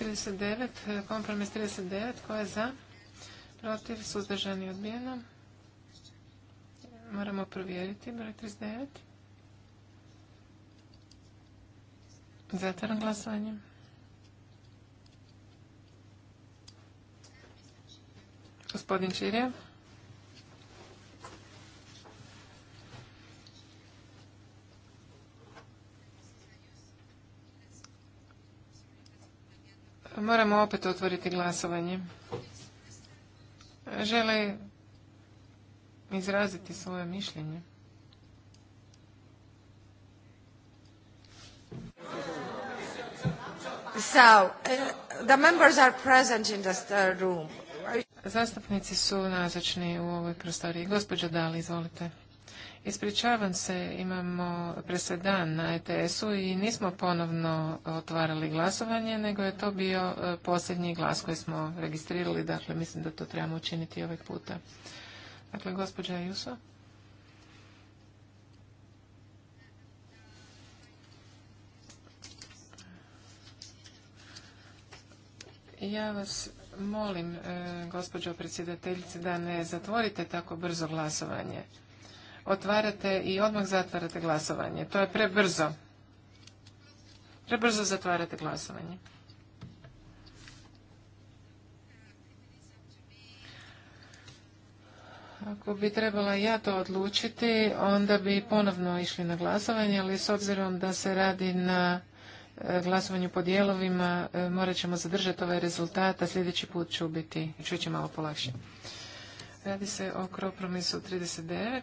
[SPEAKER 1] 39. Kompromis 39. Tko je za? Protiv? Suzdržani? Odbijeno. Moramo provjeriti broj 39. Zatvaram glasovanje. Gospodin Čirjev. Moramo opet otvoriti glasovanje. Žele izraziti svoje mišljenje. So,
[SPEAKER 3] eh, the members are present in the room.
[SPEAKER 1] Zastupnici su nazočni u ovoj prostoriji. Gospođo Dali, izvolite. Ispričavam se, imamo presedan na ETS-u i nismo ponovno otvarali glasovanje, nego je to bio e, posljednji glas koji smo registrirali, dakle mislim da to trebamo učiniti ovaj puta. Dakle, gospođa Juso. Ja vas Molim, e, gospođo predsjedateljice, da ne zatvorite tako brzo glasovanje. Otvarate i odmah zatvarate glasovanje. To je prebrzo. Prebrzo zatvarate glasovanje. Ako bi trebala ja to odlučiti, onda bi ponovno išli na glasovanje, ali s obzirom da se radi na glasovanju po dijelovima e, morat ćemo zadržati ovaj rezultat, a sljedeći put ću biti, ću malo polakše. Radi se o kropromisu 39.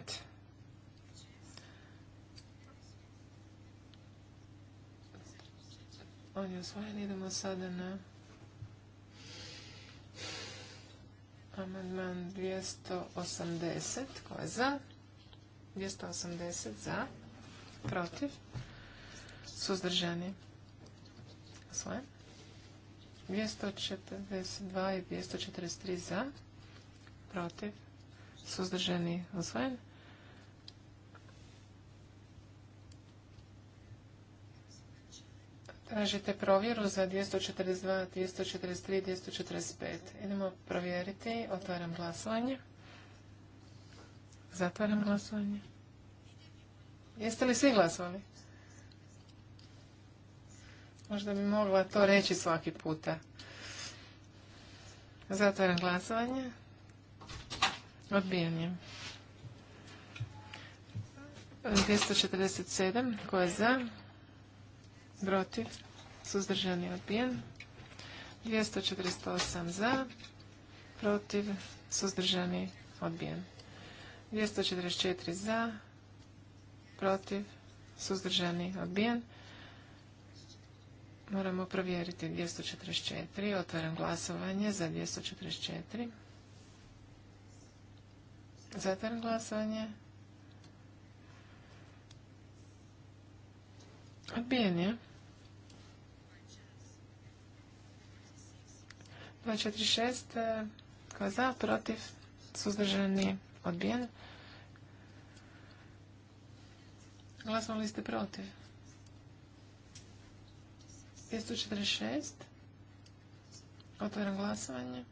[SPEAKER 1] On je osvojen, idemo sada na amandman 280, ko je za? 280 za, protiv, suzdržani četrdeset 242 i 243 za, protiv, suzdržani, osvojen Tražite provjeru za 242, 243, 245. Idemo provjeriti. Otvaram glasovanje. Zatvaram glasovanje. Jeste li svi glasovali? Možda bi mogla to reći svaki puta. Zatvaram glasovanje. Odbijan je. 247. Ko je za? Protiv? Suzdržan je četrdeset 248 za. Protiv? Suzdržan je četrdeset 244 za. Protiv? suzdržani je odbijen. Moramo provjeriti 244. Otvaram glasovanje za 244. Zatvaram glasovanje. Odbijen je. 246. Kao e, za, protiv, suzdržani, odbijen. Glasovali ste protiv. 246. Otvaram glasovanje.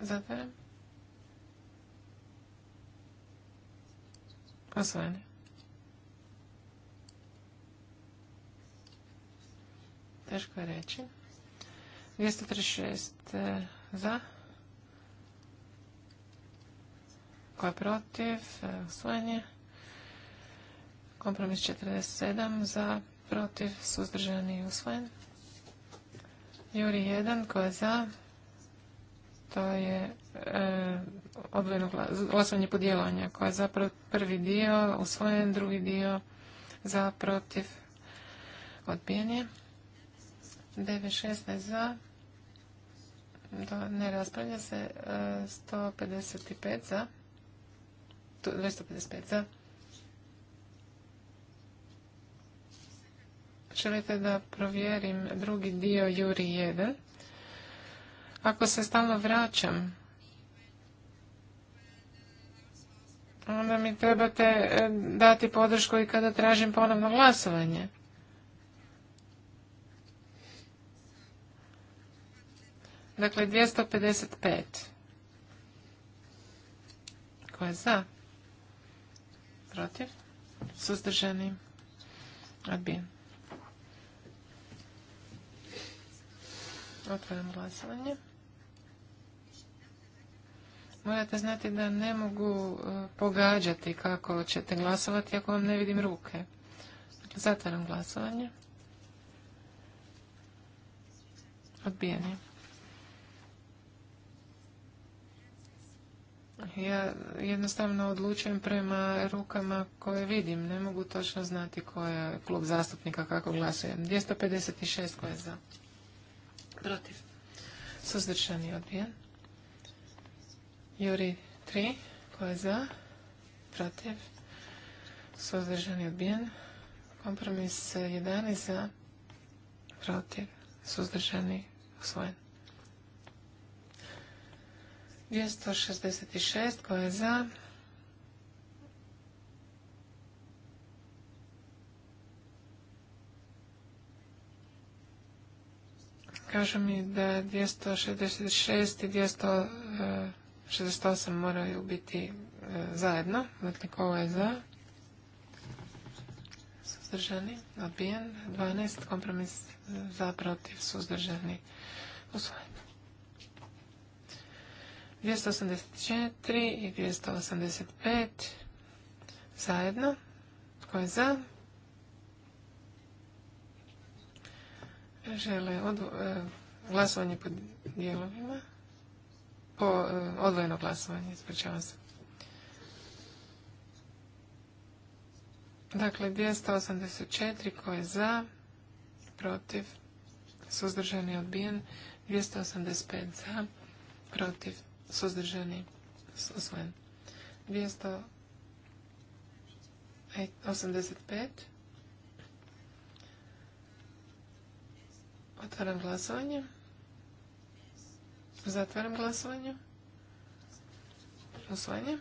[SPEAKER 1] Zatvaram. Osvajanje. Teško je reći. 236 eh, za. Ko je protiv? Osvajanje. Eh, Kompromis 47 za protiv, i usvojen. Juri 1, ko je za? To je eh, odvojeno glasovanje podjelovanja. Ko je za prvi dio, usvojen, drugi dio, za, protiv, odbijen je. 9.16 za, ne raspravlja se, 155 eh, za, 255 za, Želite da provjerim drugi dio Juri 1? Ako se stalno vraćam, onda mi trebate e, dati podršku i kada tražim ponovno glasovanje. Dakle, 255. Ko je za? Protiv? Suzdržani? Odbijen. Otvaram glasovanje. Morate znati da ne mogu e, pogađati kako ćete glasovati ako vam ne vidim ruke. Zatvaram glasovanje. je. Ja jednostavno odlučujem prema rukama koje vidim. Ne mogu točno znati koja je klub zastupnika kako glasujem. 256 koje je za protiv, suzdržani, odbijen. Juri 3, ko je za, protiv, suzdržani, odbijen. Kompromis 11 za, protiv, suzdržani, osvojen. 266, ko je za, Kažu mi da 266 i 268 moraju biti e, zajedno. Dakle, ko je za? Suzdržani, odbijen. 12, kompromis za, protiv, suzdržani, usvojen. 284 i 285 zajedno. Tko je za? žele e, glasovanje po dijelovima, po e, odvojeno glasovanje, ispričavam se. Dakle, 284 koje je za, protiv, suzdržani odbijen, 285 za, protiv, suzdržani osvojen. 285 Otvaram glasovanje. Zatvaram glasovanje. Glasovanje.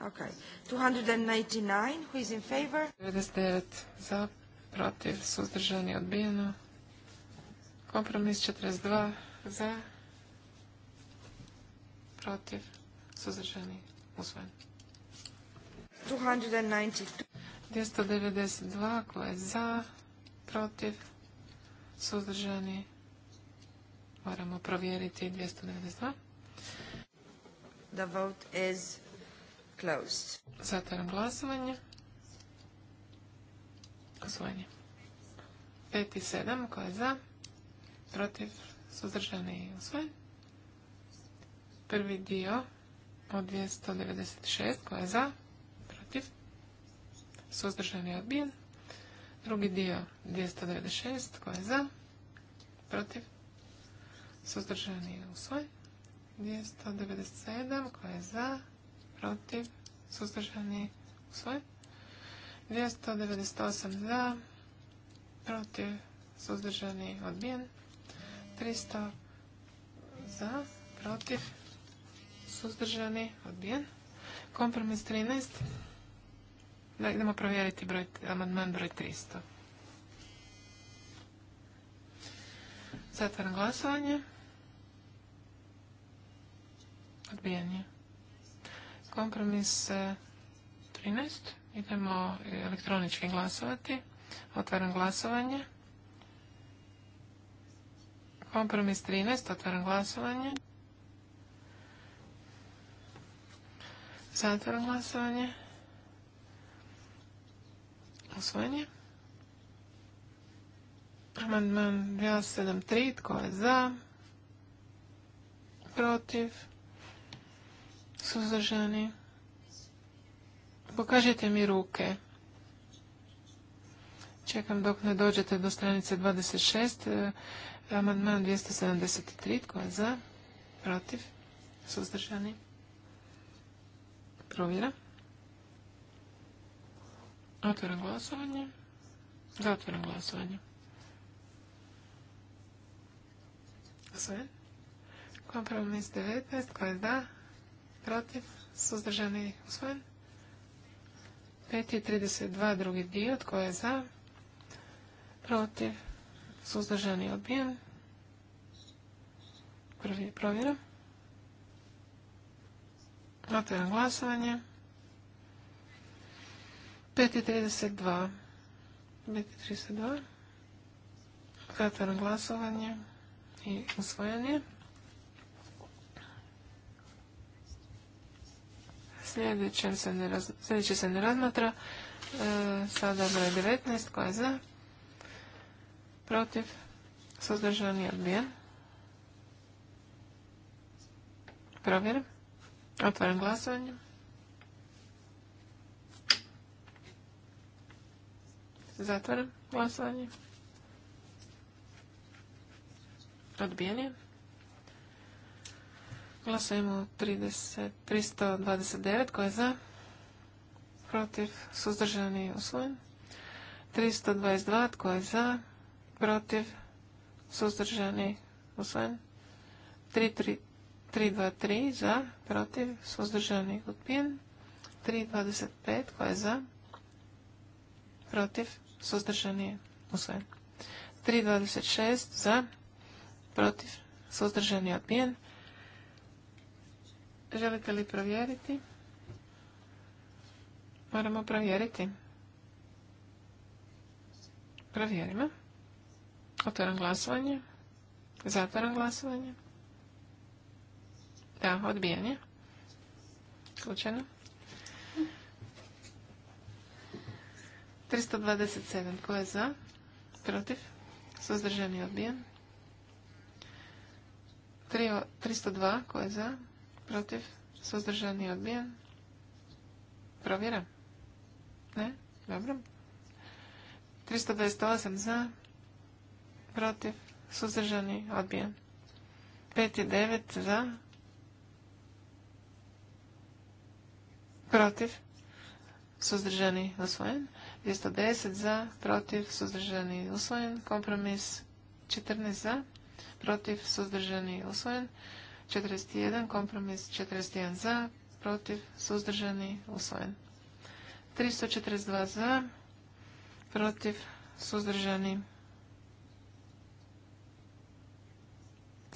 [SPEAKER 3] Okay. 299, who is in favor? 99
[SPEAKER 1] za, protiv, suzdržani, odbijeno. Kompromis 42 za, protiv, suzdržani, usvojeno. 292. koje je za, protiv, suzdržani. Moramo provjeriti 292.
[SPEAKER 3] The vote is
[SPEAKER 1] closed. Zatvaram glasovanje. Osvojenje. 5 i 7 koje za, protiv, suzdržani i osvojen. Prvi dio od 296 koje je za, je odbijen. Drugi dio 296 tko je za, protiv, u usvojen. 297 tko je za, protiv, suzdržani usvojen. 298 za, protiv, je odbijen. 300 za, protiv, je odbijen. Kompromis 13 da idemo provjeriti broj, amandman broj 300. Zatvaram glasovanje. Odbijanje. Kompromis 13. Eh, idemo elektronički glasovati. Otvaram glasovanje. Kompromis 13. Otvaram glasovanje. Zatvaram glasovanje usvojenje. Amandman 273, tko je za? Protiv? Suzdržani? Pokažite mi ruke. Čekam dok ne dođete do stranice 26. Amandman 273, tko je za? Protiv? Suzdržani? Provjera. Otvaram glasovanje. Zatvaram glasovanje. Sve. Kompromis 19. Ko je da? Protiv? Suzdržani? Usvojen? 5.32. Drugi dio. Tko je za? Protiv? Suzdržani? Odbijen? Prvi provjeram. Otvaram glasovanje. 5.32. 5.32. Zatvaram glasovanje i usvojanje. Sljedeće se ne, razmatra. E, sada broj 19. Koja je za? Protiv? i odbijen. Provjerim. Otvaram glasovanje. Zatvaram glasovanje. Odbijen je. Glasujemo 329. Ko je za? Protiv. Suzdržani usvojen. 322. Tko je za? Protiv. Suzdržani usvojen. 323. Za. Protiv. Suzdržani odbijen. 325. Tko je za? Protiv suzdržani, usvojen. 3.26 za, protiv, suzdržani, odbijen. Želite li provjeriti? Moramo provjeriti. Provjerimo. Otvaram glasovanje. Zatvaram glasovanje. Da, odbijanje. Slučajno. 327. Ko je za? Protiv? suzdržan i odbijen. 302. Ko je za? Protiv? Suzdržani odbijen. Provjera? Ne? Dobro. 328 za, protiv, suzdržani, odbijen. 5 i 9 za, protiv, suzdržani, osvojen. 210 za, protiv, suzdržani, usvojen. Kompromis 14 za, protiv, suzdržani, usvojen. 41, kompromis 41 za, protiv, suzdržani, usvojen. 342 za, protiv, suzdržani,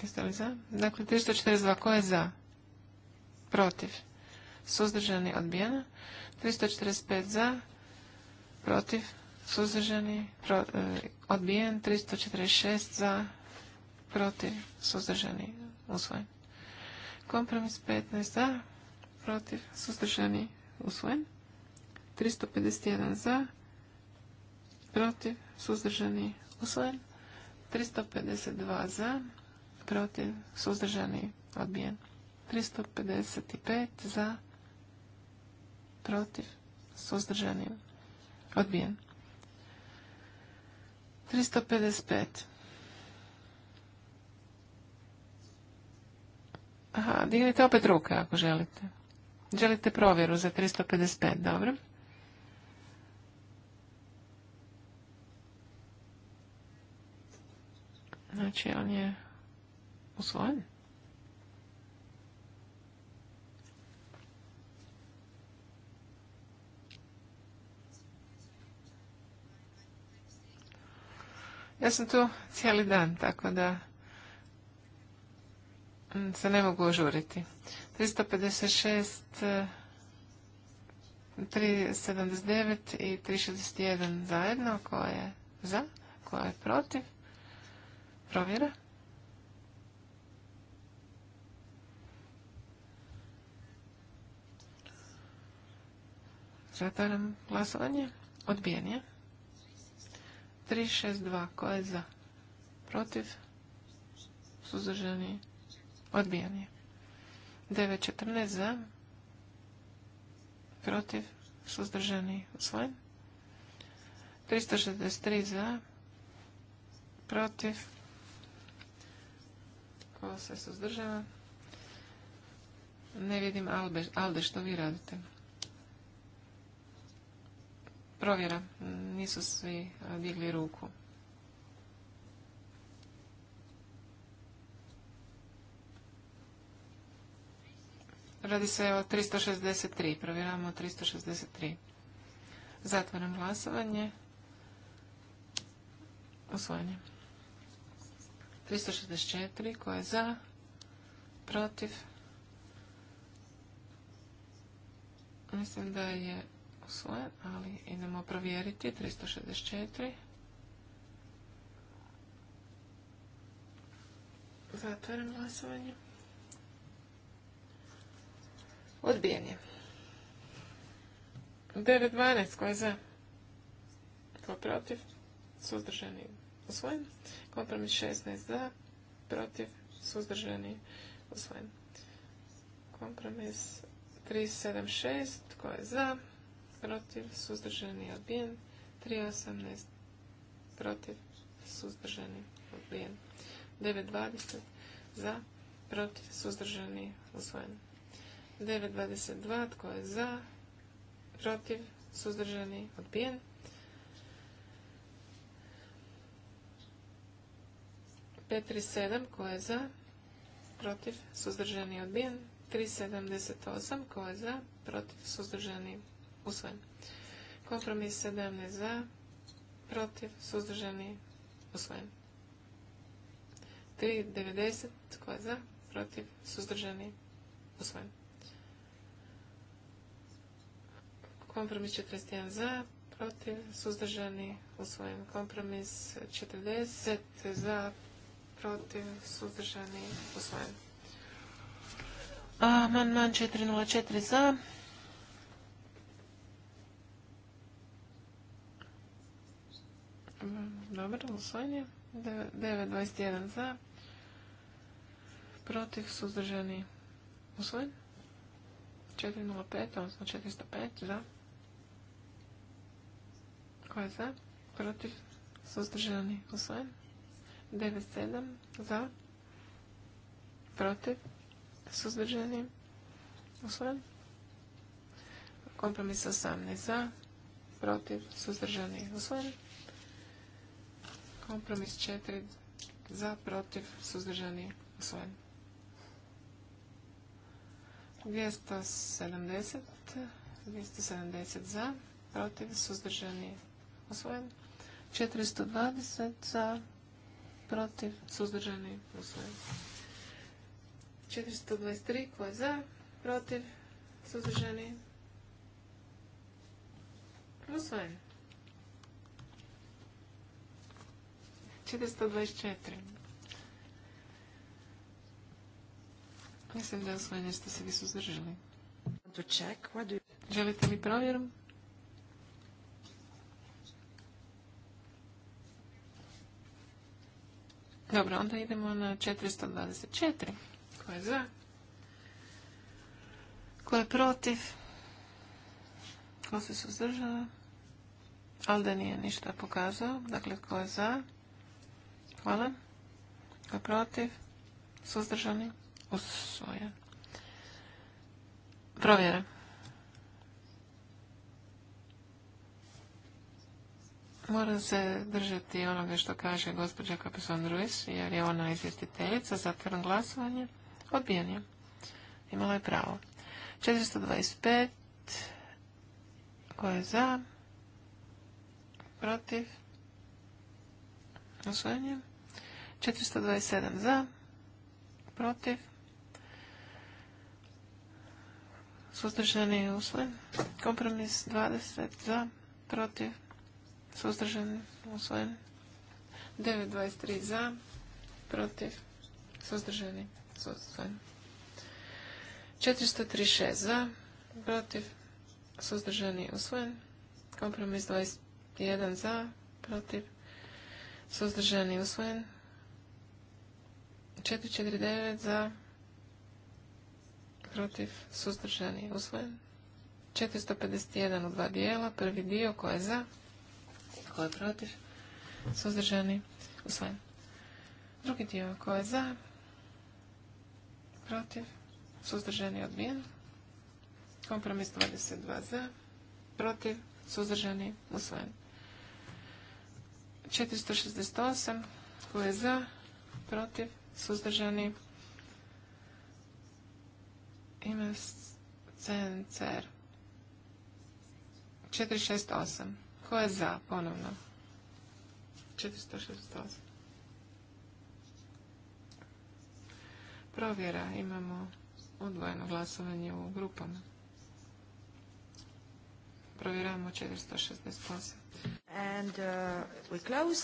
[SPEAKER 1] Jeste li za? Dakle, 342. Ko je za? Protiv. Suzdržani odbijena. 345 za protiv, suzdržani, pro, e, odbijen, 346 za, protiv, suzdržani, usvojen. Kompromis 15 za, protiv, suzdržani, usvojen. 351 za, protiv, suzdržani, usvojen. 352 za, protiv, suzdržani, odbijen. 355 za, protiv, suzdržani, Odbijen. 355. Aha, dignite opet ruke ako želite. Želite provjeru za 355, dobro. Znači, on je usvojen. Ja sam tu cijeli dan, tako da mm, se ne mogu ožuriti. 356, 379 i 361 zajedno, ko je za, ko je protiv. Provjera. Zatvaram glasovanje. Odbijen je. 362. Ko je za? Protiv? Suzdržani? Odbijan je. 9.14 za? Protiv? Suzdržani? Usvojen? 363 za? Protiv? Ko se suzdržava? Ne vidim Alde, Alde što vi radite. Provjera. Nisu svi e, digli ruku. Radi se o 363. Provjeramo 363. Zatvaram glasovanje. Usvojenje. 364. Ko je za? Protiv? Mislim da je svoje, ali idemo provjeriti. 364. Zatvaram glasovanje. Odbijen je. 9.12. Ko je za? Ko je protiv? Suzdržani usvojen. Kompromis 16 za, protiv, suzdržani usvojen. Kompromis 376. Ko je za? protiv, suzdržani, odbijen. 3.18 protiv, suzdržani, odbijen. 9.20 za, protiv, suzdržani, usvojen. 9.22 tko je za, protiv, suzdržani, odbijen. 537 koje je za, protiv, suzdržani, odbijen. 378 koje je za, protiv, suzdržani, odbijen usvojen. Kompromis 17 za, protiv, suzdržani, usvojen. 3.90, tko je za, protiv, suzdržani, usvojen. Kompromis 41 za, protiv, suzdržani, usvojen. Kompromis 40 za, protiv, suzdržani, usvojen. Amandman 404 za, Dobro, usvojenje. 9.21 za. Protiv suzdržani usvojen. 4.05, odnosno 405 za. Ko je za? Protiv suzdržani usvojen. 9.7 za. Protiv suzdržani usvojen. Kompromis 18 za. Protiv suzdržani usvojen. Kompromis 4 za, protiv, suzdržani, osvojen. 270, 270 za, protiv, suzdržani, osvojen. 420 za, protiv, suzdržani, osvojen. 423 ko za, protiv, suzdržani, osvojen. 424. Mislim da je osvojenje se vi suzdržali. Želite li provjeru? Dobro, onda idemo na 424. Ko je za? Ko je protiv? Ko se suzdržava? Alda nije ništa pokazao. Dakle, ko je za? Hvala. Tko je protiv? Suzdržani? Usvojen. Provjera. Moram se držati onoga što kaže gospođa Kapison Ruiz, jer je ona izvjestiteljica, zatvoren glasovanje, odbijen je. Imala je pravo. 425, ko je za, protiv, je. 427 za, protiv, suzdržani usvojen. Kompromis 20 za, protiv, suzdržani usvojen. 923 za, protiv, suzdržani usvojen. 436 za, protiv, suzdržani usvojen. Kompromis 21 za, protiv, suzdržani usvojen. 449 za, protiv, suzdržani, usvojen. 451 u dva dijela, prvi dio ko je za, ko je protiv, suzdržani, usvojen. Drugi dio ko je za, protiv, suzdržani, odbijen. Kompromis 22 za, protiv, suzdržani, usvojen. 468 ko je za, protiv, suzdržani. Ime CNCR. 468. Ko je za ponovno? 468. Provjera. Imamo odvojeno glasovanje u grupama. provjeramo 468. And
[SPEAKER 2] uh,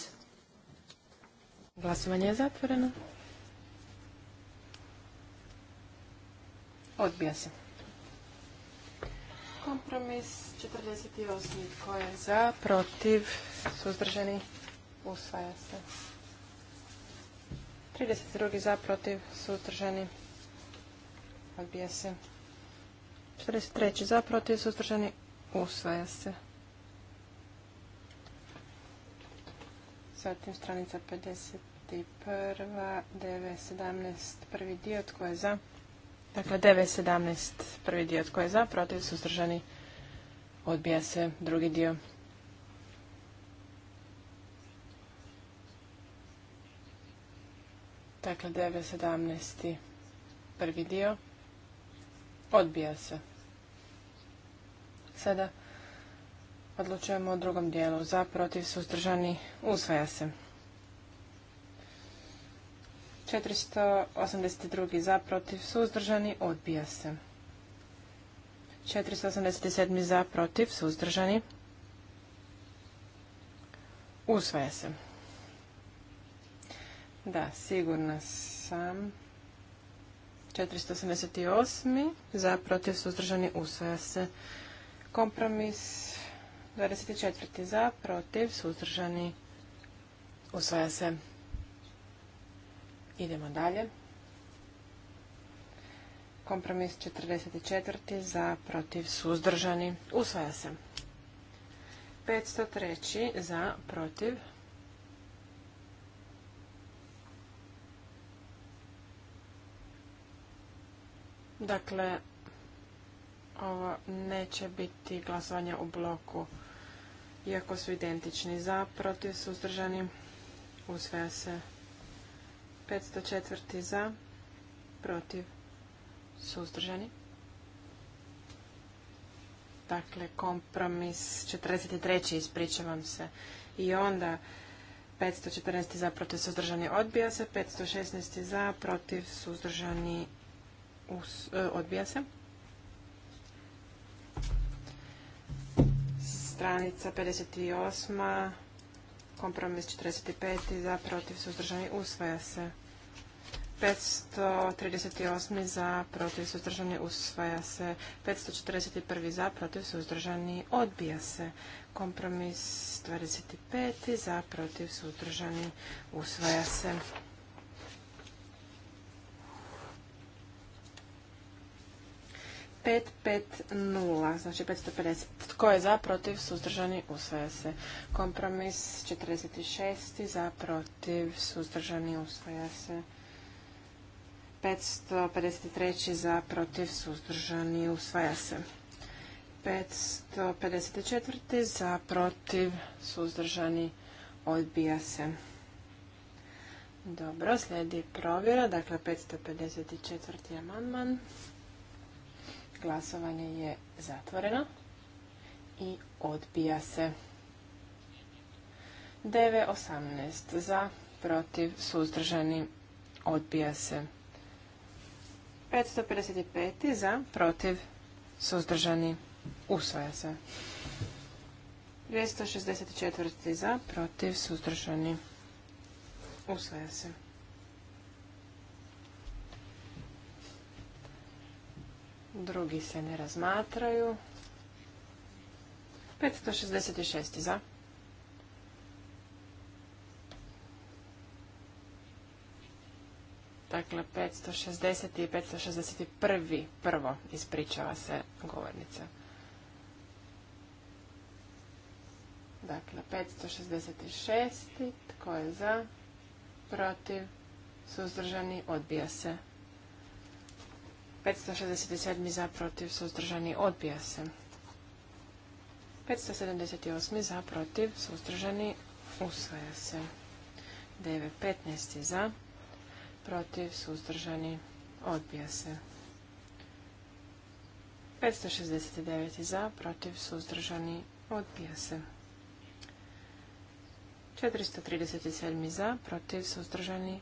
[SPEAKER 2] Glasovanje je zatvoreno. Odbija se. Kompromis 48. Tko je za, protiv, suzdržani, usvaja se. 32. za, protiv, suzdržani, odbija se. 43. za, protiv, suzdržani, usvaja se. Zatim stranica 51. 17. Prvi dio, tko je za? Dakle, 9.17, prvi dio tko je za, protiv, suzdržani, odbija se drugi dio. Dakle, 9.17, prvi dio, odbija se. Sada odlučujemo o drugom dijelu. Za, protiv, suzdržani, usvaja se. 482. za, protiv, suzdržani, odbija se. 487. za, protiv, suzdržani, usvaja se. Da, sigurna sam. 488. za, protiv, suzdržani, usvaja se. Kompromis 24. za, protiv, suzdržani, usvaja se. Idemo dalje. Kompromis 44. za protiv suzdržani. Usvaja se. 503. za protiv. Dakle, ovo neće biti glasovanje u bloku, iako su identični za protiv suzdržani. Usvaja se. 504. za, protiv, suzdržani. Dakle, kompromis 43. ispričavam se. I onda 514. za, protiv, suzdržani odbija se. 516. za, protiv, suzdržani e, odbija se. Stranica 58. Kompromis 45. za protiv suzdržani usvaja se. 538. za protiv suzdržani usvaja se. 541. za protiv suzdržani odbija se. Kompromis 25. za protiv suzdržani usvaja se. 550, znači 550. Tko je za, protiv, suzdržani, usvaja se. Kompromis 46, za, protiv, suzdržani, usvaja se. 553 za, protiv, suzdržani, usvaja se. 554 za, protiv, suzdržani, odbija se. Dobro, slijedi provjera, dakle 554. amandman. Glasovanje je zatvoreno i odbija se. 9.18 za, protiv, suzdržani, odbija se. 555 za, protiv, suzdržani, usvaja se. 264 za, protiv, suzdržani, usvaja se. Drugi se ne razmatraju. 566 za. Dakle, 560 i 561. Prvo ispričava se govornica. Dakle, 566. Tko je za? Protiv? Suzdržani? Odbija se. 567. za protiv suzdržani odbija se. 578. za protiv suzdržani usvaja se. 9.15. za protiv suzdržani odbija se. 569. za protiv suzdržani odbija se. 437. za protiv suzdržani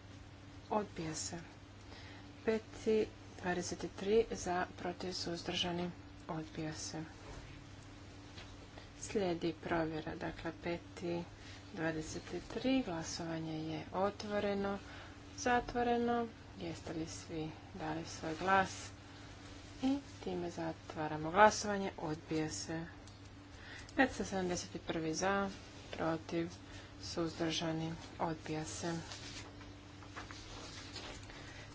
[SPEAKER 2] odbija se. 5. 23 za, protiv, suzdržani, odbija se. Slijedi provjera, dakle 5. 23. Glasovanje je otvoreno, zatvoreno. Jeste li svi dali svoj glas? I time zatvaramo glasovanje. Odbija se. 571. za, protiv, suzdržani. Odbija se.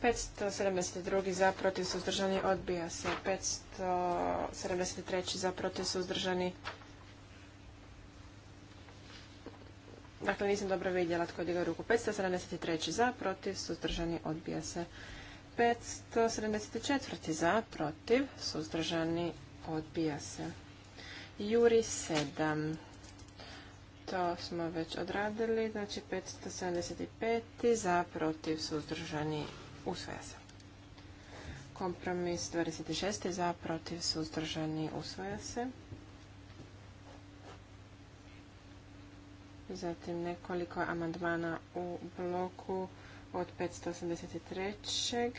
[SPEAKER 2] 572 za protiv suzdržani odbija se. 573 za protiv suzdržani. Dakle, nisam dobro vidjela tko je digao ruku. 573 za protiv suzdržani odbija se. 574 za protiv suzdržani odbija se. Juri 7. To smo već odradili. Znači 575 za protiv suzdržani usvaja se. Kompromis 26. za, protiv, suzdržani, usvaja se. Zatim nekoliko amandmana u bloku od 583.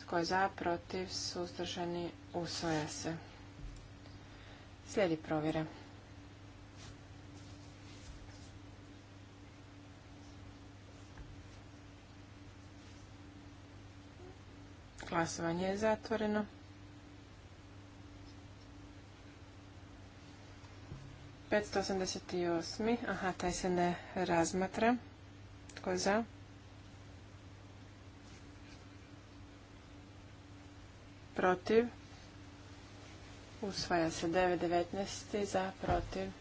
[SPEAKER 2] Tko je za, protiv, suzdržani, usvaja se. Slijedi provjera. Glasovanje je zatvoreno. Petsto aha taj se ne razmatra. Tko je za? Protiv. Usvaja se 9.19. Za, protiv.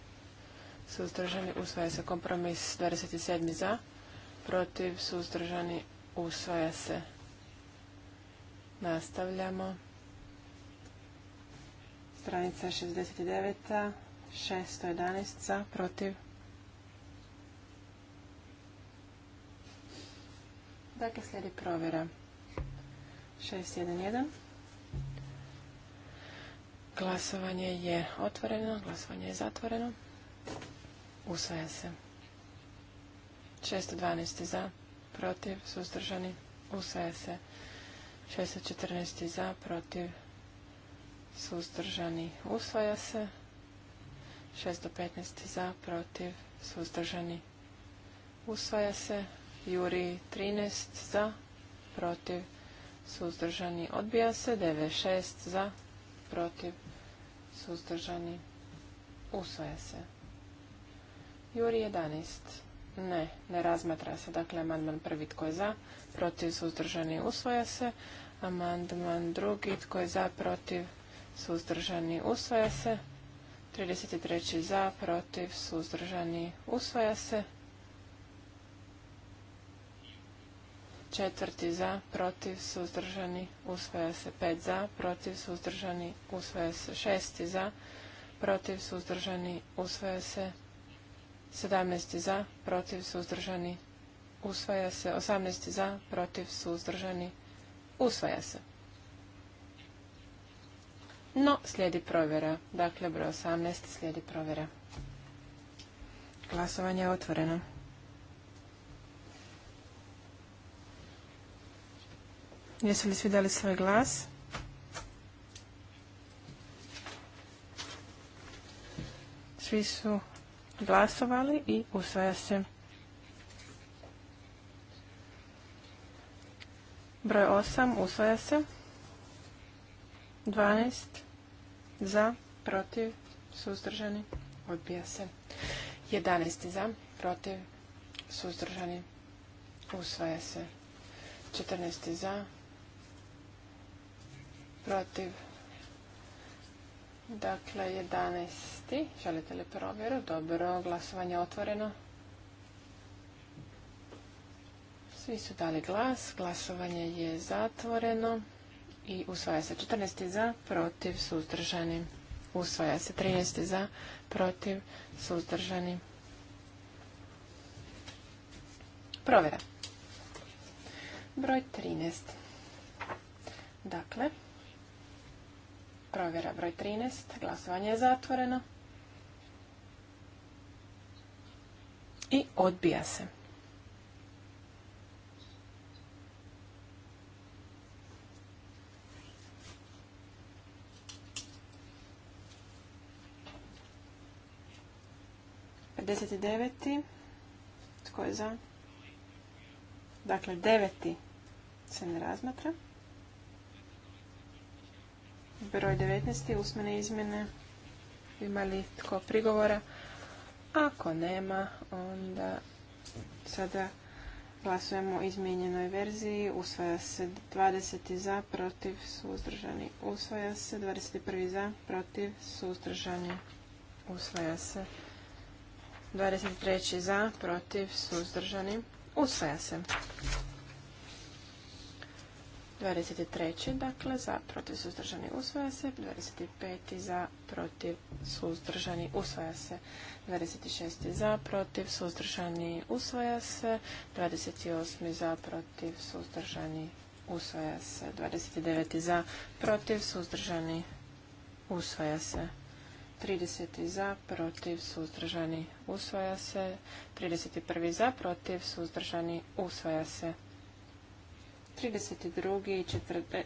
[SPEAKER 2] Suzdržani. Usvaja se kompromis 27. Za, protiv. Suzdržani. Usvaja se. Nastavljamo. Stranica 69. 611 za, protiv. Dakle, slijedi provjera. 611. Glasovanje je otvoreno, glasovanje je zatvoreno. Usvaja se. 612 za, protiv, suzdržani, usvaja se. 614 za, protiv, suzdržani, usvaja se. 615 za, protiv, suzdržani, usvaja se. Juri 13 za, protiv, suzdržani, odbija se. 96 za, protiv, suzdržani, usvaja se. Juri 11 ne, ne razmatra se. Dakle, amandman prvi tko je za, protiv, suzdržani, usvoja se. Amandman drugi tko je za, protiv, suzdržani, usvoja se. 33. za, protiv, suzdržani, usvoja se. Četvrti za, protiv, suzdržani, usvaja se. Pet za, protiv, suzdržani, usvaja se. Šesti za, protiv, suzdržani, usvaja se. Sedamnaest za, protiv, suzdržani, usvaja se. 18 za, protiv, suzdržani, usvaja se. No, slijedi provjera. Dakle, broj 18 slijedi provjera. Glasovanje je otvoreno. Jesu li svi dali svoj glas? Svi su glasovali i usvaja se. Broj 8 usvaja se. 12 za, protiv, suzdržani, odbija se. 11 za, protiv, suzdržani, usvaja se. 14 za, protiv, Dakle, 11. Želite li provjeru? Dobro, glasovanje otvoreno. Svi su dali glas, glasovanje je zatvoreno i usvaja se 14. za, protiv, suzdržani. Usvaja se 13. za, protiv, suzdržani. Provjera. Broj 13. Dakle, Provjera broj 13. Glasovanje je zatvoreno. I odbija se. Pedeset deveti. Tko je za? Dakle, deveti se ne razmatra broj 19. usmene izmjene. Ima li tko prigovora? Ako nema, onda sada glasujemo o izmijenjenoj verziji. Usvaja se 20. za, protiv, suzdržani. Usvaja se 21. za, protiv, suzdržani. Usvaja se 23. za, protiv, suzdržani. Usvaja se. 23. dakle za protiv suzdržani usvaja se, 25. za protiv suzdržani usvaja se, 26. za protiv suzdržani usvaja se, 28. za protiv suzdržani usvaja se, 29. za protiv suzdržani usvaja se. 30 za, protiv, suzdržani, usvaja se. 31 za, protiv, suzdržani, usvaja se. 32. i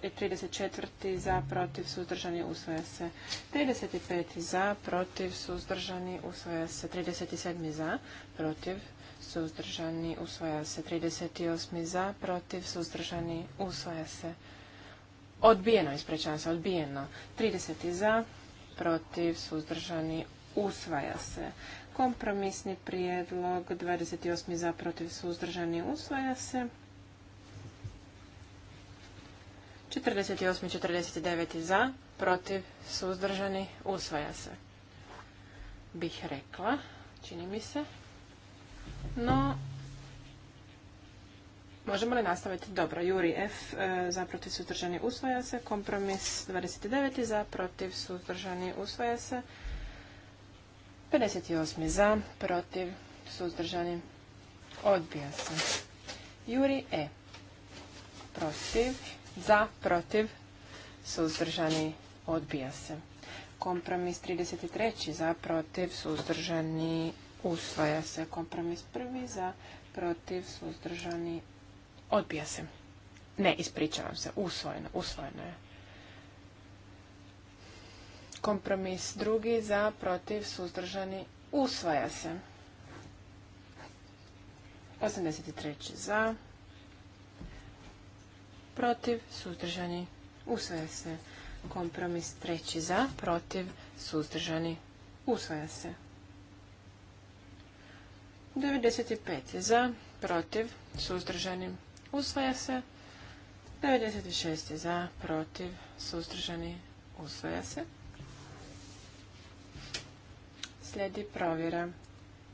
[SPEAKER 2] 34. E, za, protiv, suzdržani, usvaja se. 35. za, protiv, suzdržani, usvaja se. 37. za, protiv, suzdržani, usvaja se. 38. za, protiv, suzdržani, usvaja se. Odbijeno, ispričavam se, odbijeno. 30. za, protiv, suzdržani, usvaja se. Kompromisni prijedlog, 28. za, protiv, suzdržani, usvaja se. 48 i 49 za, protiv, suzdržani, usvaja se. Bih rekla, čini mi se. No, možemo li nastaviti? Dobro, Juri F e, za, protiv, suzdržani, usvaja se. Kompromis 29 za, protiv, suzdržani, usvaja se. 58 za, protiv, suzdržani, odbija se. Juri E protiv, za, protiv, suzdržani, odbija se. Kompromis 33. za, protiv, suzdržani, usvaja se. Kompromis 1. za, protiv, suzdržani, odbija se. Ne, ispričavam se, usvojeno, usvojeno je. Kompromis 2. za, protiv, suzdržani, usvaja se. 83. za, protiv, suzdržani, usvaja se. Kompromis treći za, protiv, suzdržani, usvaja se. 95 za, protiv, suzdržani, usvaja se. 96 za, protiv, suzdržani, usvaja se. Slijedi provjera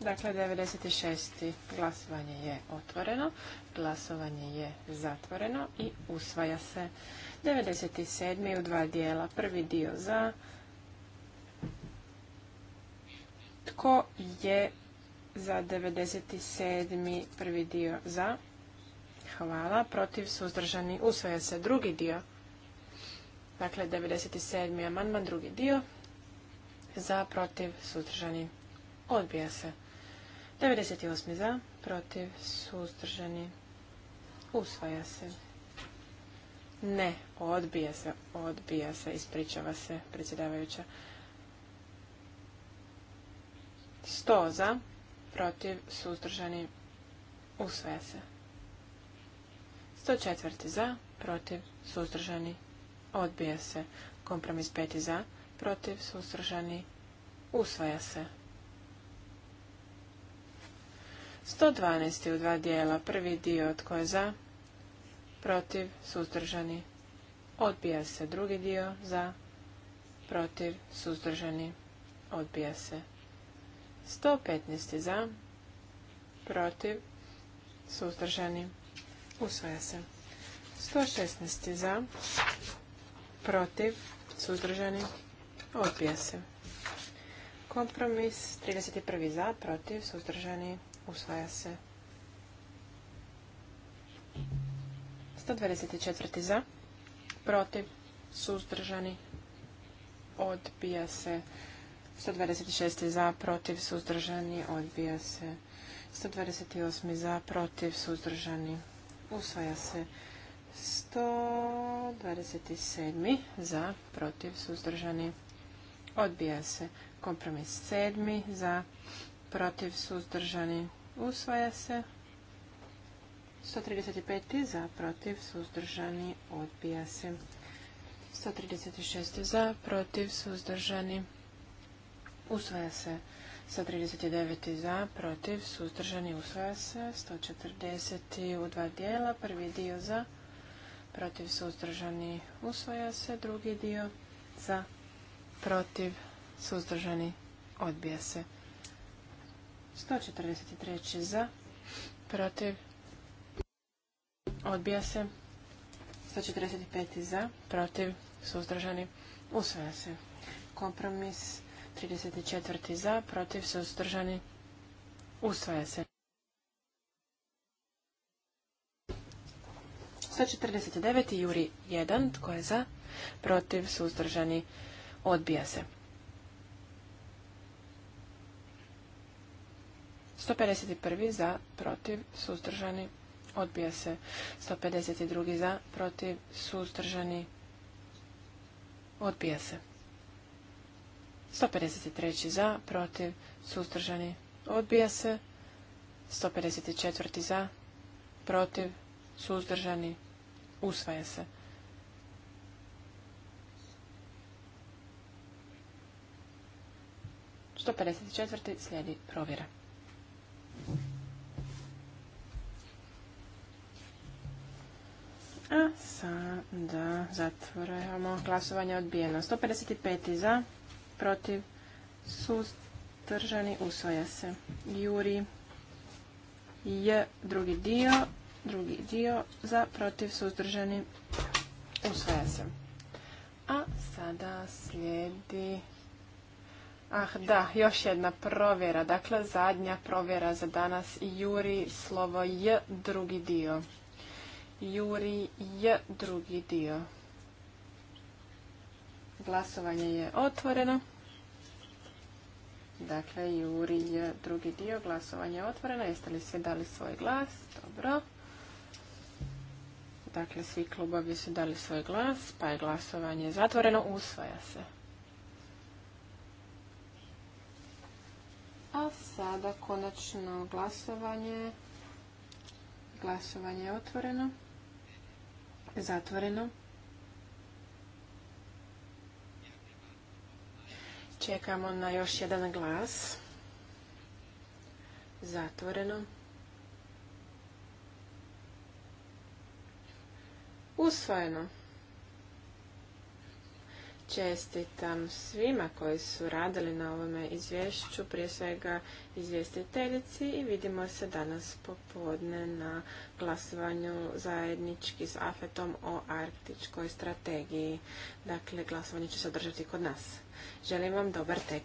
[SPEAKER 2] Dakle, 96. glasovanje je otvoreno, glasovanje je zatvoreno i usvaja se. 97. u dva dijela, prvi dio za tko je za 97. prvi dio za, hvala, protiv suzdržani usvaja se drugi dio. Dakle, 97. amandman, drugi dio, za, protiv, suzdržani, odbija se. 98. za, protiv, suzdržani, usvaja se. Ne, odbija se, odbija se, ispričava se predsjedavajuća. 100 za, protiv, suzdržani, usvaja se. 104. za, protiv, suzdržani, odbija se. Kompromis 5. za, protiv, suzdržani, usvaja se. 112. u dva dijela. Prvi dio tko je za, protiv, suzdržani. Odbija se. Drugi dio za, protiv, suzdržani. Odbija se. 115. za, protiv, suzdržani. Usvaja se. 116. za, protiv, suzdržani. Odbija se. Kompromis 31. za, protiv, suzdržani usvaja se. 124. za, protiv, suzdržani, odbija se. 126. za, protiv, suzdržani, odbija se. 128. za, protiv, suzdržani, usvaja se. 127. za, protiv, suzdržani, odbija se. Kompromis 7. za, protiv, suzdržani, Usvaja se. 135. za, protiv, suzdržani, odbija se. 136. za, protiv, suzdržani, usvaja se. 139. za, protiv, suzdržani, usvaja se. 140. u dva dijela, prvi dio za, protiv, suzdržani, usvaja se. Drugi dio za, protiv, suzdržani, odbija se. 143. za, protiv, odbija se. 145. za, protiv, suzdržani, usvaja se. Kompromis 34. za, protiv, suzdržani, usvaja se. 149. juri 1. Tko je za? Protiv, suzdržani, odbija se. 151. za, protiv, suzdržani, odbija se. 152. za, protiv, suzdržani, odbija se. 153. za, protiv, suzdržani, odbija se. 154. za, protiv, suzdržani, usvaja se. Sto pedeset četiri slijedi provjera. A sada zatvorujemo glasovanje odbijeno. 155. za, protiv, suzdržani, usvoja se. Juri je drugi dio, drugi dio za, protiv, suzdržani, usvaja se. A sada slijedi... Ah, da, još jedna provjera. Dakle, zadnja provjera za danas. Juri, slovo J, drugi dio. Juri je drugi dio. Glasovanje je otvoreno. Dakle, Juri je drugi dio. Glasovanje je otvoreno. Jeste li svi dali svoj glas? Dobro. Dakle, svi klubovi su dali svoj glas, pa je glasovanje zatvoreno. Usvaja se. A sada konačno glasovanje. Glasovanje je otvoreno. Zatvoreno. Čekamo na još jedan glas. Zatvoreno. Usvojeno. Čestitam svima koji su radili na ovome izvješću, prije svega izvjestiteljici i vidimo se danas popodne na glasovanju zajednički s Afetom o arktičkoj strategiji. Dakle, glasovanje će se održati kod nas. Želim vam dobar tek.